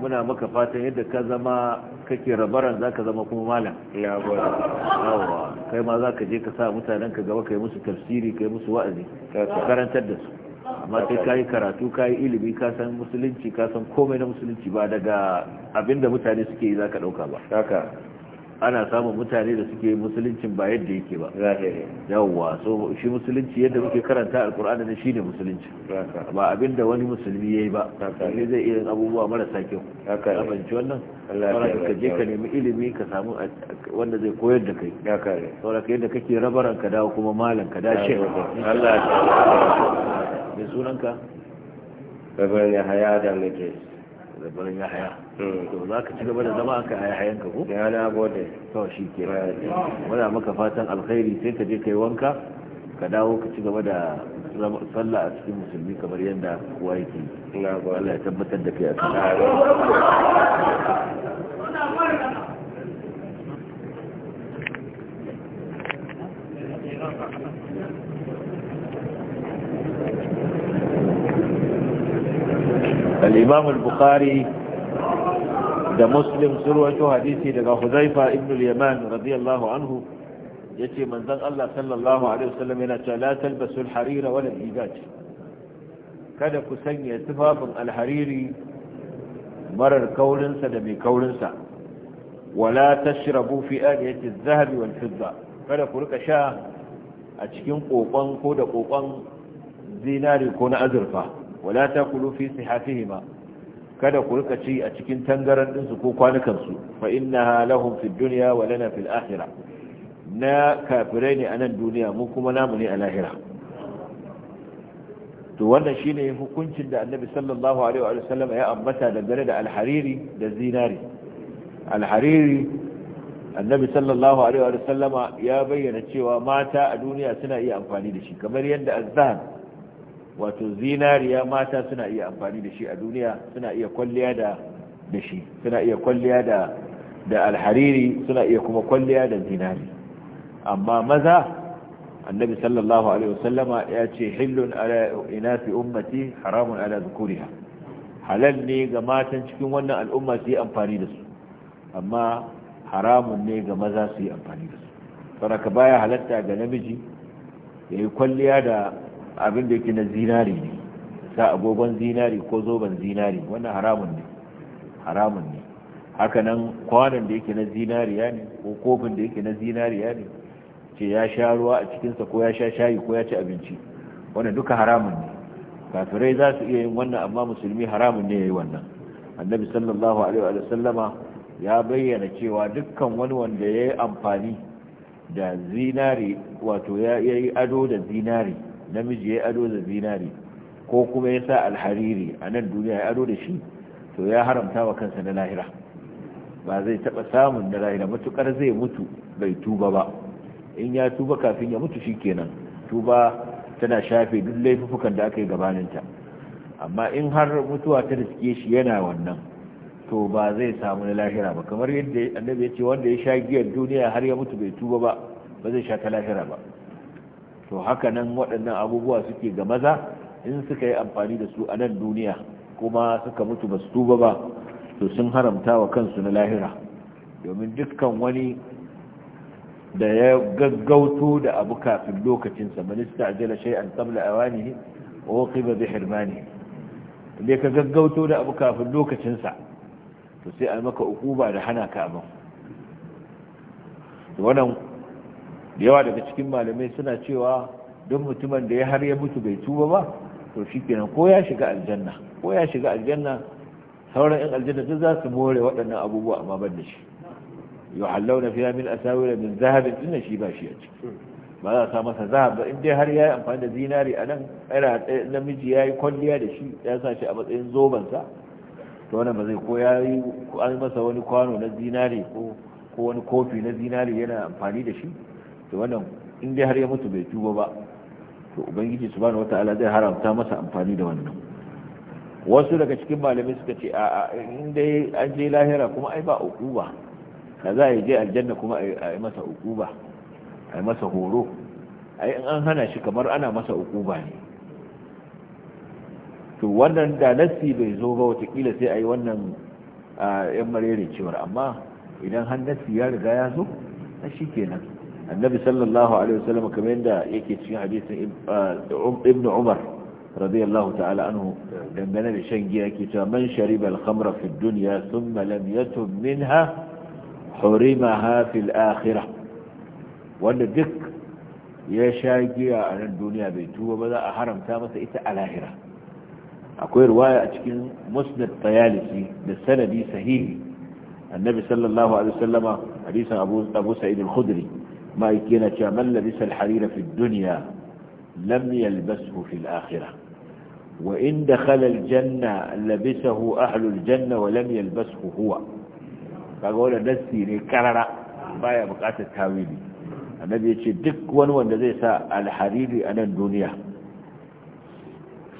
muna maka fatan yadda ka zama kake rabaran zaka zama kuma malam yawa kai ma zaka je ka sa mutanen ka gaba kai musu tafsiri kai musu wa'azi ka karantar da su amma sai ka yi karatu ka yi ilimi ka san musulunci ka san komai na musulunci ba daga abinda mutane suke yi za ka ɗauka ba ana samun mutane da suke musuluncin ba yadda yake ba yawwa so shi musulunci yadda muke karanta alkur'ani ne shine musulunci ba abin da wani musulmi yayi ba ne zai iya abubuwa marasa kyau a banci wannan saboda ka je ka nemi ilimi ka samu wanda zai koyar da kai saboda ka yadda kake rabaran ka dawo kuma malam ka dace Allah ya sunan ka Yahaya da Mikis. da gurin ya haya hmm. to za ka ci gaba da zama aka haya hayan ka ko ya na gode to shi ke muna maka fatan alkhairi sai ka je kai wanka ka dawo ka ci gaba da sallah a cikin musulmi kamar yadda kowa yake Allah ya tabbatar da kai a cikin Thank you. al bukhari da muslim surwato hadisi daga huzaifa ibn al-yaman radiyallahu anhu yace manzon Allah sallallahu alaihi wasallam yana cewa la talbasu al-harira wala kada ku sanya tufafin al-hariri marar kaurinsa da mai kaurinsa wala tashrabu fi aliyati adh-dhahab wal fidda kada ku rika sha a cikin kokon ko da kokon zinari ko na azurfa wala takulu fi sihafihima kada ku rika ci a cikin tangaran dinsu ko kwanukan su fa innaha lahum fid dunya wa lana fil akhirah na kafirai ne a nan duniya mu kuma namu ne a lahira to wannan shine hukuncin da annabi sallallahu alaihi wa sallam ya ambata da alhariri da zinari hariri annabi sallallahu alaihi wa sallama ya bayyana cewa mata a duniya suna iya amfani da shi kamar yadda azhar wato zinariya mata suna iya amfani da shi a duniya suna iya kwalliya da da shi suna iya kwalliya da da alhariri suna iya kuma kwalliya da zinari amma maza annabi sallallahu alaihi wasallama ya ce hillun ala inasi ummati haramun ala zukuriha halal ne ga matan cikin wannan al'umma su yi amfani da su amma haramun ne ga maza su yi amfani da su saboda baya halatta ga namiji yayi kwalliya da abin da yake na zinari ne sa agogon zinari ko zoben zinari wannan haramun ne haramun ne hakanan kwanan da yake na zinari ya ne ko kofin da yake na zinariya ne ce ya sha ruwa a cikinsa ko ya sha shayi ko ya ci abinci wannan duka haramun ne kafirai za su iya yin wannan amma musulmi haramun ne ya yi wannan annabi sallallahu alaihi wa sallama ya bayyana cewa dukkan wani wanda ya yi amfani da zinari wato ya yi ado da zinari namiji ya ado da zinari ko kuma ya sa alhariri a nan duniya ya ado da shi to ya haramta wa kansa na lahira ba zai taɓa samun na lahira matukar zai mutu bai tuba ba in ya tuba kafin ya mutu shi kenan tuba tana shafe duk laifukan da aka yi gabaninta amma in har mutuwa ta riske shi yana wannan to ba zai samu na lahira ba kamar yadda annabi ya ce wanda ya sha giyar duniya har ya mutu bai tuba ba ba zai sha ta lahira ba to haka nan waɗannan abubuwa suke ga maza in suka yi amfani da su a nan duniya kuma suka mutu ba su tuba ba to sun haramta wa kansu na lahira domin dukkan wani da ya gaggauto da abu kafin lokacinsa minista ajiyar shay'an tabla awanihi ba zai hirma hirmani inda ka gaggauto da abu kafin lokacinsa to sai a maka ba da hana ka abin wannan da yawa daga cikin malamai suna cewa don mutumin da ya har ya mutu bai tuba ba to shi kenan ko ya shiga aljanna ko ya shiga aljanna sauran yan aljanna duk za su more waɗannan abubuwa amma ban da shi yau na fiya min asawira min zahabin ina shi ba shi a ciki ba za sa masa zahab ba in dai har yi amfani da zinari a nan ɗaya namiji ya yi kwalliya da shi ya sa shi a matsayin zoben sa to wannan ba zai ko yayi an masa wani kwano na zinari ko ko wani kofi na zinari yana amfani da shi to wannan in dai har ya mutu bai tuba ba to ubangiji subhanahu wataala zai haramta masa amfani da wannan wasu daga cikin malamai suka ce a in dai an je lahira kuma ai ba uquba ka za a je aljanna kuma a yi masa uquba a yi masa horo ai in an hana shi kamar ana masa uquba ne to wannan da nassi bai zo ba watakila sai a yi wannan yan marere cewar amma idan har nassi ya riga ya zo na shi kenan annabi sallallahu alaihi wasallam kamar yadda yake cikin hadisin ibnu uh, umar radiyallahu ta'ala anhu dangane da shan giya yake cewa man shariba al-khamra fi dunya thumma lam yatub minha hurimaha fi al-akhirah wanda duk ya sha giya a nan duniya bai tuba ba za a haramta masa ita a lahira akwai riwaya a cikin musnad tayalisi da sanadi sahihi annabi sallallahu alaihi wasallama hadisin abu abu sa'id al-khudri ما يكينا من لبس الحرير في الدنيا لم يلبسه في الآخرة وإن دخل الجنة لبسه أهل الجنة ولم يلبسه هو فقال نسي نكرر ما يبقى تتاويلي النبي يقول دك ونوان لذيس الحريري أنا الدنيا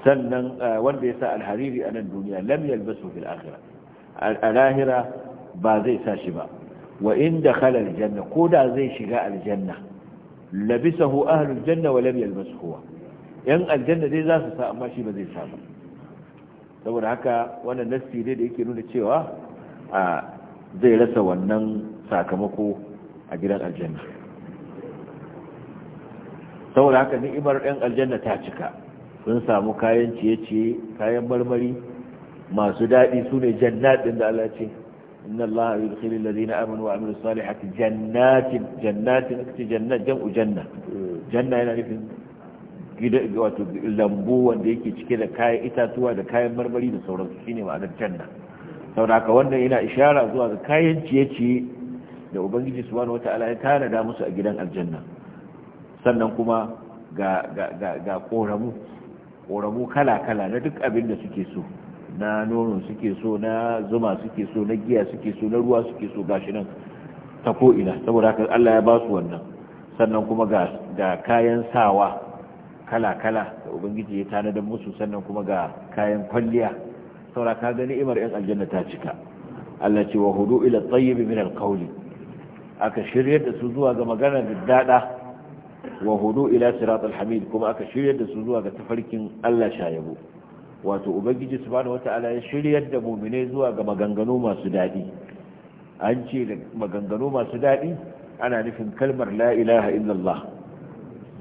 سنن wanda ya sa أنا الدنيا لم يلبسه في الآخرة fil akhirah al wa inda khala janna ko da zai shiga aljanna labisahu ahlul janna wa lam yalbasuhu yan aljanna dai za sa amma shi ba zai sa ba saboda haka wannan nassi dai da yake nuna cewa a zai rasa wannan sakamako a gidan aljanna saboda haka ni'imar yan aljanna ta cika sun samu kayan ciye-ciye kayan marmari masu daɗi su ne jannatin da Allah ce إن الله يدخل الذين آمنوا وعملوا الصالحات جنات جنات جنات جمع جنة جنة yana nufin gida wato lambu wanda yake cike da kayan itatuwa da kayan marmari da sauransu shine ma'anar janna saboda wannan yana ishara zuwa ga kayan ciye-ciye da ubangiji subhanahu wataala ya da musu a gidan aljanna sannan kuma ga ga ga koramu koramu kala-kala na duk abin da suke so na nono suke so na zuma suke so na giya suke so na ruwa suke so gashi nan ta ko'ina saboda haka Allah ya ba su wannan sannan kuma ga kayan sawa kala-kala da ubangiji ya tanadar musu sannan kuma ga kayan kwalliya saboda ka gani imar yan aljanna ta cika Allah ce wa hudu ila tsayyibi min alqawli aka shirye da su zuwa ga magana da dada wa hudu ila sirat alhamid kuma aka shirye da su zuwa ga tafarkin Allah shayabo wato ubangiji subhanahu wata'ala ya shiryar da mu'mine zuwa ga maganganu masu daɗi an ce da maganganu masu daɗi ana nufin kalmar la ilaha illallah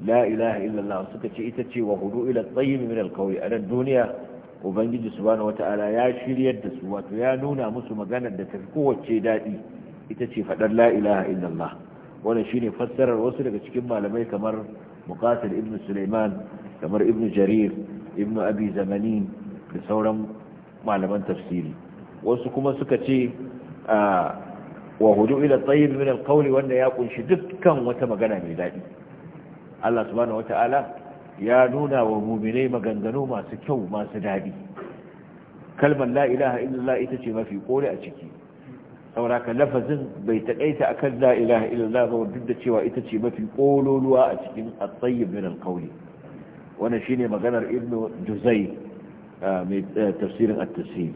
la ilaha illallah suka ce ita ce wa hudu ila tsayin min alkawai a nan duniya ubangiji subhanahu wata'ala ya shiryar da su wato ya nuna musu maganar da tafi kowace daɗi ita ce faɗar la ilaha illallah wannan shine fassarar wasu daga cikin malamai kamar muqatil ibn suleiman kamar ibn jarir ibn abi zamani da sauran malaman tafsiri wasu kuma suka ce wa hudu ila tsayin min alƙauli wanda ya kunshi dukkan wata magana mai daɗi Allah subhanahu ya nuna wa muminai maganganu masu kyau masu daɗi kalmar la ilaha illallah ita ce mafi kore a ciki sauraka lafazin bai taƙaita akan la ilaha illallah ba duk da cewa ita ce mafi kololuwa a cikin at-tayyib min shi shine maganar ibnu juzai mai tafsirin at-tafsir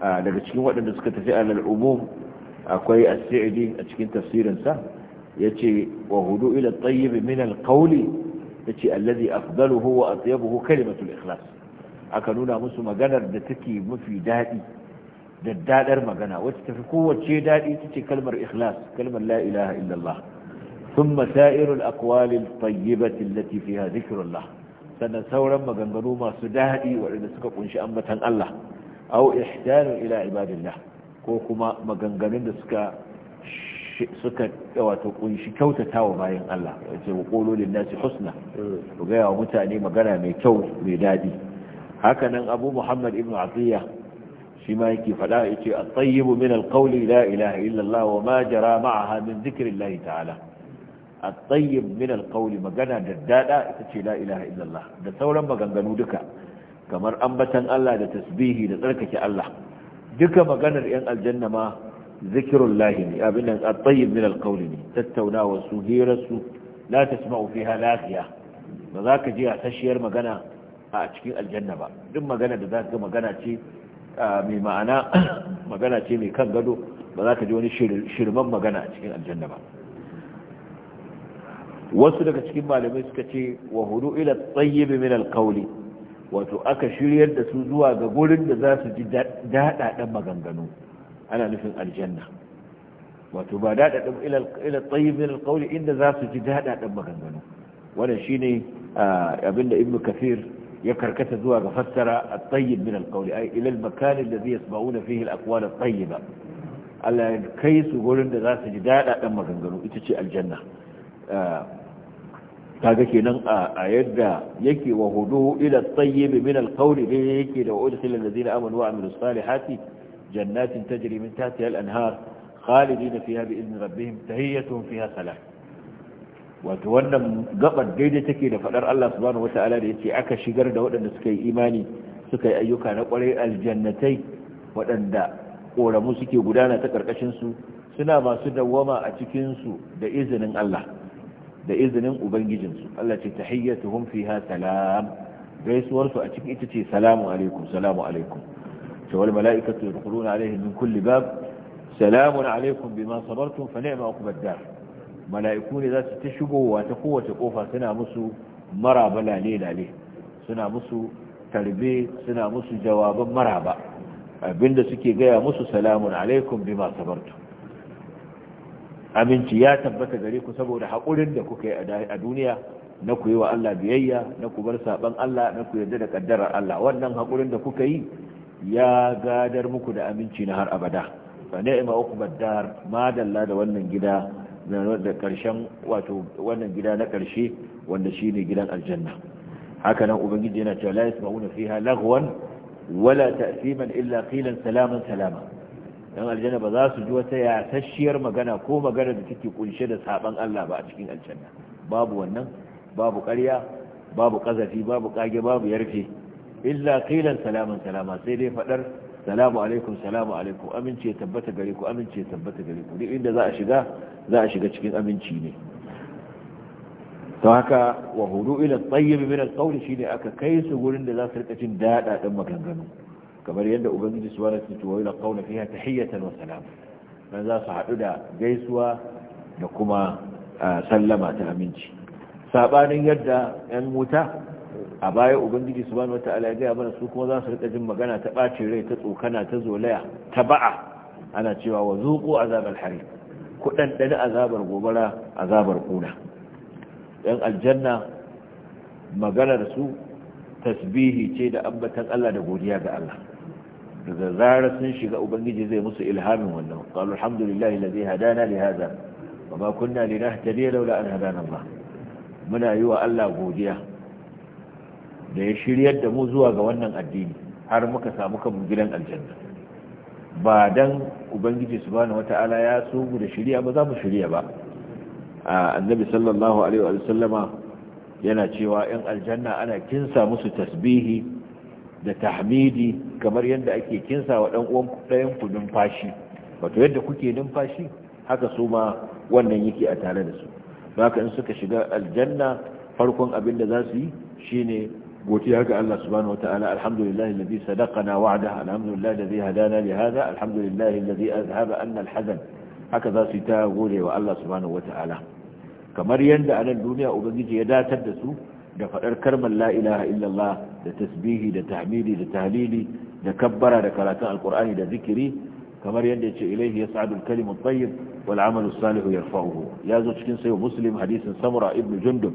daga cikin waɗanda suka tafi alal umum akwai as-sa'idi a cikin tafsirin sa yace wa hudu ila at-tayyib min al-qawli yace alladhi afdaluhu wa atyabuhu kalimatu al-ikhlas aka nuna musu maganar da take mafi daɗi da dadar magana wacce tafi kowace daɗi tace kalmar ikhlas kalmar la ilaha illallah ثم سائر الأقوال الطيبة التي فيها ذكر الله sannan sauran maganganu masu daɗi waɗanda suka kunshi ambatan Allah au ihsanu ila ibadillah ko kuma maganganun da suka suka wato kunshi kyautatawa bayan Allah yace wa qulu lin nasi husna hmm. ku ga wa mutane magana mai kyau mai daɗi haka nan Abu Muhammad ibn Atiyya shi ma yake faɗa yace at-tayyibu min al-qawli la ilaha illa Allah wa ma jara ma'aha min dhikrillahi ta'ala a tsayin min al magana magana daddada ita ce la ilaha illallah da sauran maganganu duka kamar ambatan Allah da tasbihi da tsarkake Allah duka maganar yan aljanna ma zikrullahi ne abin nan a tsayin min al ne tattaunawa su hirarsu la tasma'u fiha lafiya ba za ka ji a tashiyar magana a cikin aljanna ba duk magana da za ka magana ce mai ma'ana magana ce mai kan gado ba za ka ji wani shirman magana a cikin aljanna ba wasu daga cikin malamai suka ce wa hudu ila tsayyibi min alkauli wato aka shiryar da su zuwa ga gurin da za su ji daɗaɗen maganganu ana nufin aljanna wato ba daɗaɗen ila tsayyibi min alkauli inda za su ji daɗaɗen maganganu wannan shine abinda Ibn kafir ya karkata zuwa ga fassara a tayyib min al-qawli ay ila al-makan alladhi yasma'una fihi al-aqwal at-tayyiba Allah ya kai su gurin da za su ji dada maganganu ita ce aljanna kaga kenan a yadda yake wa hudu ila tsayyib min alqawli da yake da udkhil allazina amanu wa amilus salihati jannatin ta min tahtiha al-anhar khalidina fiha bi idni rabbihim tahiyyatuhum fiha salam wato wannan gabar daidai take da fadar Allah subhanahu da da ce aka shigar da waɗanda suka yi imani suka yi ayyuka na kwarai aljannatai waɗanda ƙoramu suke gudana ta karkashin su suna masu dawwama a cikin su da izinin Allah da izinin ubangijinsu Allah ce tahiyyatuhum fiha salam gaisuwar su a cikin ita ce salamu alaikum salamu alaikum to wal malaikatu yadkhuluna alaihim min kulli bab salamun alaikum bima sabartum fa ni'ma uqbad dar malaiku ne za su ta shigowa ta kowace kofa suna musu maraba lale lale suna musu tarbe suna musu jawaban maraba abinda suke gaya musu salamun alaikum bima sabartum aminci ya tabbata gare ku saboda haƙurin da kuka yi a duniya na ku yi wa Allah biyayya na ku bar saban Allah na ku yarda da kaddarar Allah wannan haƙurin da kuka yi ya gadar muku da aminci na har abada fa ni'ma uqbad dar ma da wannan gida da karshen wato wannan gida na karshe wanda shine gidan aljanna haka nan ubangiji yana cewa la yasma'una fiha laghwan wala ta'siman illa qilan salaman salama dan aljanna ba za su ji wata yasasshiyar magana ko magana da take kunshe da saban Allah ba a cikin aljanna babu wannan babu ƙarya babu ƙazafi babu ƙage babu yarfe illa qilan salaman salama sai dai fadar salamu alaikum salamu alaikum amince tabbata gare ku amince tabbata gare ku duk inda za a shiga za a shiga cikin aminci ne to haka wa hudu ila tayyib min al-qawl shine aka kai su gurin da za su rika jin daɗaɗen maganganu kamar yadda ubangiji subhanahu wa ta'ala ya kauna fiha tahiyatan wa salam na za su haɗu da gaisuwa da kuma sallama ta aminci saɓanin yadda yan wuta a baya ubangiji subhanahu wata ta'ala ya gaya mana su kuma za su riƙa jin magana ta bacin rai ta tsokana ta zolaya ta ba'a ana cewa wa azabar azabal harim azabar gobara azabar ƙuna yan aljanna maganar su tasbihi ce da ambatan Allah da godiya ga Allah daga zarar sun shiga ubangiji zai musu ilhamin wannan qalu alhamdulillahi alladhi hadana li hadha wa ma kunna linahtadiya laula an hadana Allah muna yi wa Allah godiya da ya shiryar da mu zuwa ga wannan addini har muka samu kanmu gidan aljanna ba dan ubangiji subhanahu wataala ya so mu da shiriya ba za mu shiriya ba annabi sallallahu alaihi wa sallama yana cewa in aljanna ana kinsa musu tasbihi da tahmidi kamar yadda ake kinsa wa ɗan uwan ɗayan ku numfashi wato yadda kuke numfashi haka su ma wannan yake a tare da su ka in suka shiga aljanna farkon abin da za su yi shine godiya ga Allah subhanahu wataala alhamdulillah alladhi sadaqana wa'dahu alhamdulillah alladhi hadana li hadha alhamdulillah alladhi azhaba anna alhazan haka za su yi ta gode wa Allah subhanahu wataala kamar yadda a nan duniya ubangiji ya datar da su da faɗar kalmar la ilaha illallah da tasbihi da tahmidi da tahlili da kabbara da karatun alkur'ani da zikiri kamar yadda ce ilaihi yas'adul kalimut tayyib wal amalu salihu yarfa'uhu ya zo cikin sayo muslim hadisin samura ibn jundub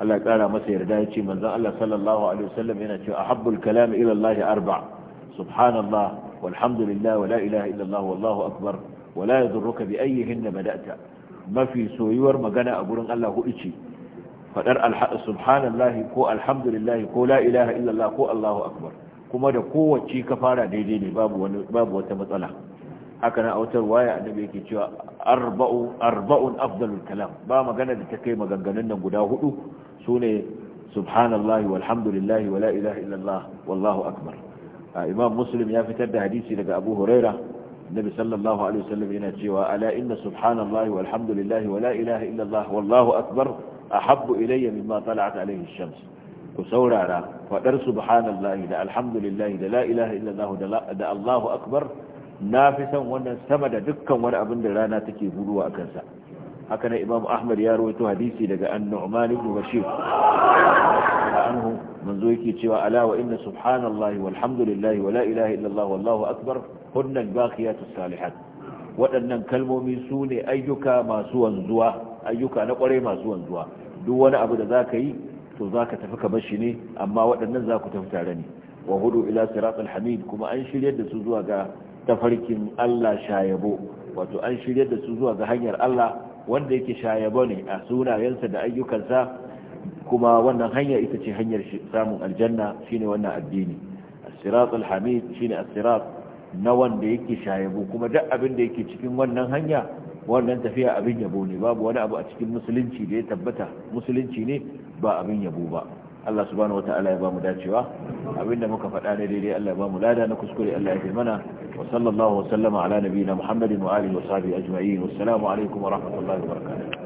Allah ya kara masa yarda ya ce manzan Allah sallallahu alaihi wasallam yana cewa ahabbul kalam ila Allah arba subhanallah walhamdulillah wala ilaha illallah wallahu akbar wala yadurruka bi ayyihinna bada'ta mafi soyuwar magana a gurin Allah hudu ce faɗar subhanallahi ko alhamdulillahi ko la ilaha illallah ko allahu akbar kuma da kowace ka fara daidai ne babu wata matsala haka na autar waya annabi yake cewa arba'u arba'un afdalul kalam ba magana da ta kai maganganun nan guda hudu sune subhanallahi walhamdulillahi wala ilaha illallah wallahu akbar imam muslim ya fitar da hadisi daga abu huraira annabi sallallahu alaihi wasallam yana cewa ala inna subhanallahi walhamdulillahi wala ilaha illallah wallahu akbar a ahabbu ilayya ma tala'at alayhi shams ku saurara fadar subhanallahi da alhamdulillahi da la ilaha illallah da Allahu akbar nafisan wannan sama da dukkan wani abin da rana take guduwa a kansa haka na imam ahmad ya rawaito hadisi daga an-nu'man ibn bashir anhu manzo yake cewa ala wa inna subhanallahi walhamdulillahi wa la ilaha illallah wallahu akbar hunna al-baqiyatus salihat waɗannan kalmomi su ne ayyuka masu wanzuwa ayyuka na kwarai masu wanzuwa duk wani abu da za ka yi to zaka tafi kamar shi ne amma waɗannan za ku tafi tare ne wa hudu ila siratul hamid kuma an shirya da su zuwa ga tafarkin Allah shayabo wato an shiryar da su zuwa ga hanyar Allah wanda yake shayabo ne a sunayensa da ayyukansa kuma wannan hanya ita ce hanyar samun aljanna shine wannan addini as-siratul shine as-sirat na wanda yake shayabo kuma duk abin da yake cikin wannan hanya wannan tafiya abin yabo ne babu wani abu a cikin musulunci da ya tabbata musulunci ne ba abin yabo ba Allah subhanahu wata'ala ya bamu dacewa abinda muka faɗa ne daidai Allah ya bamu lada na kuskure Allah ya fi mana wa sallallahu wa sallama ala nabiyina Muhammadin wa alihi wa sahbihi ajma'in wassalamu alaikum wa rahmatullahi wa barakatuh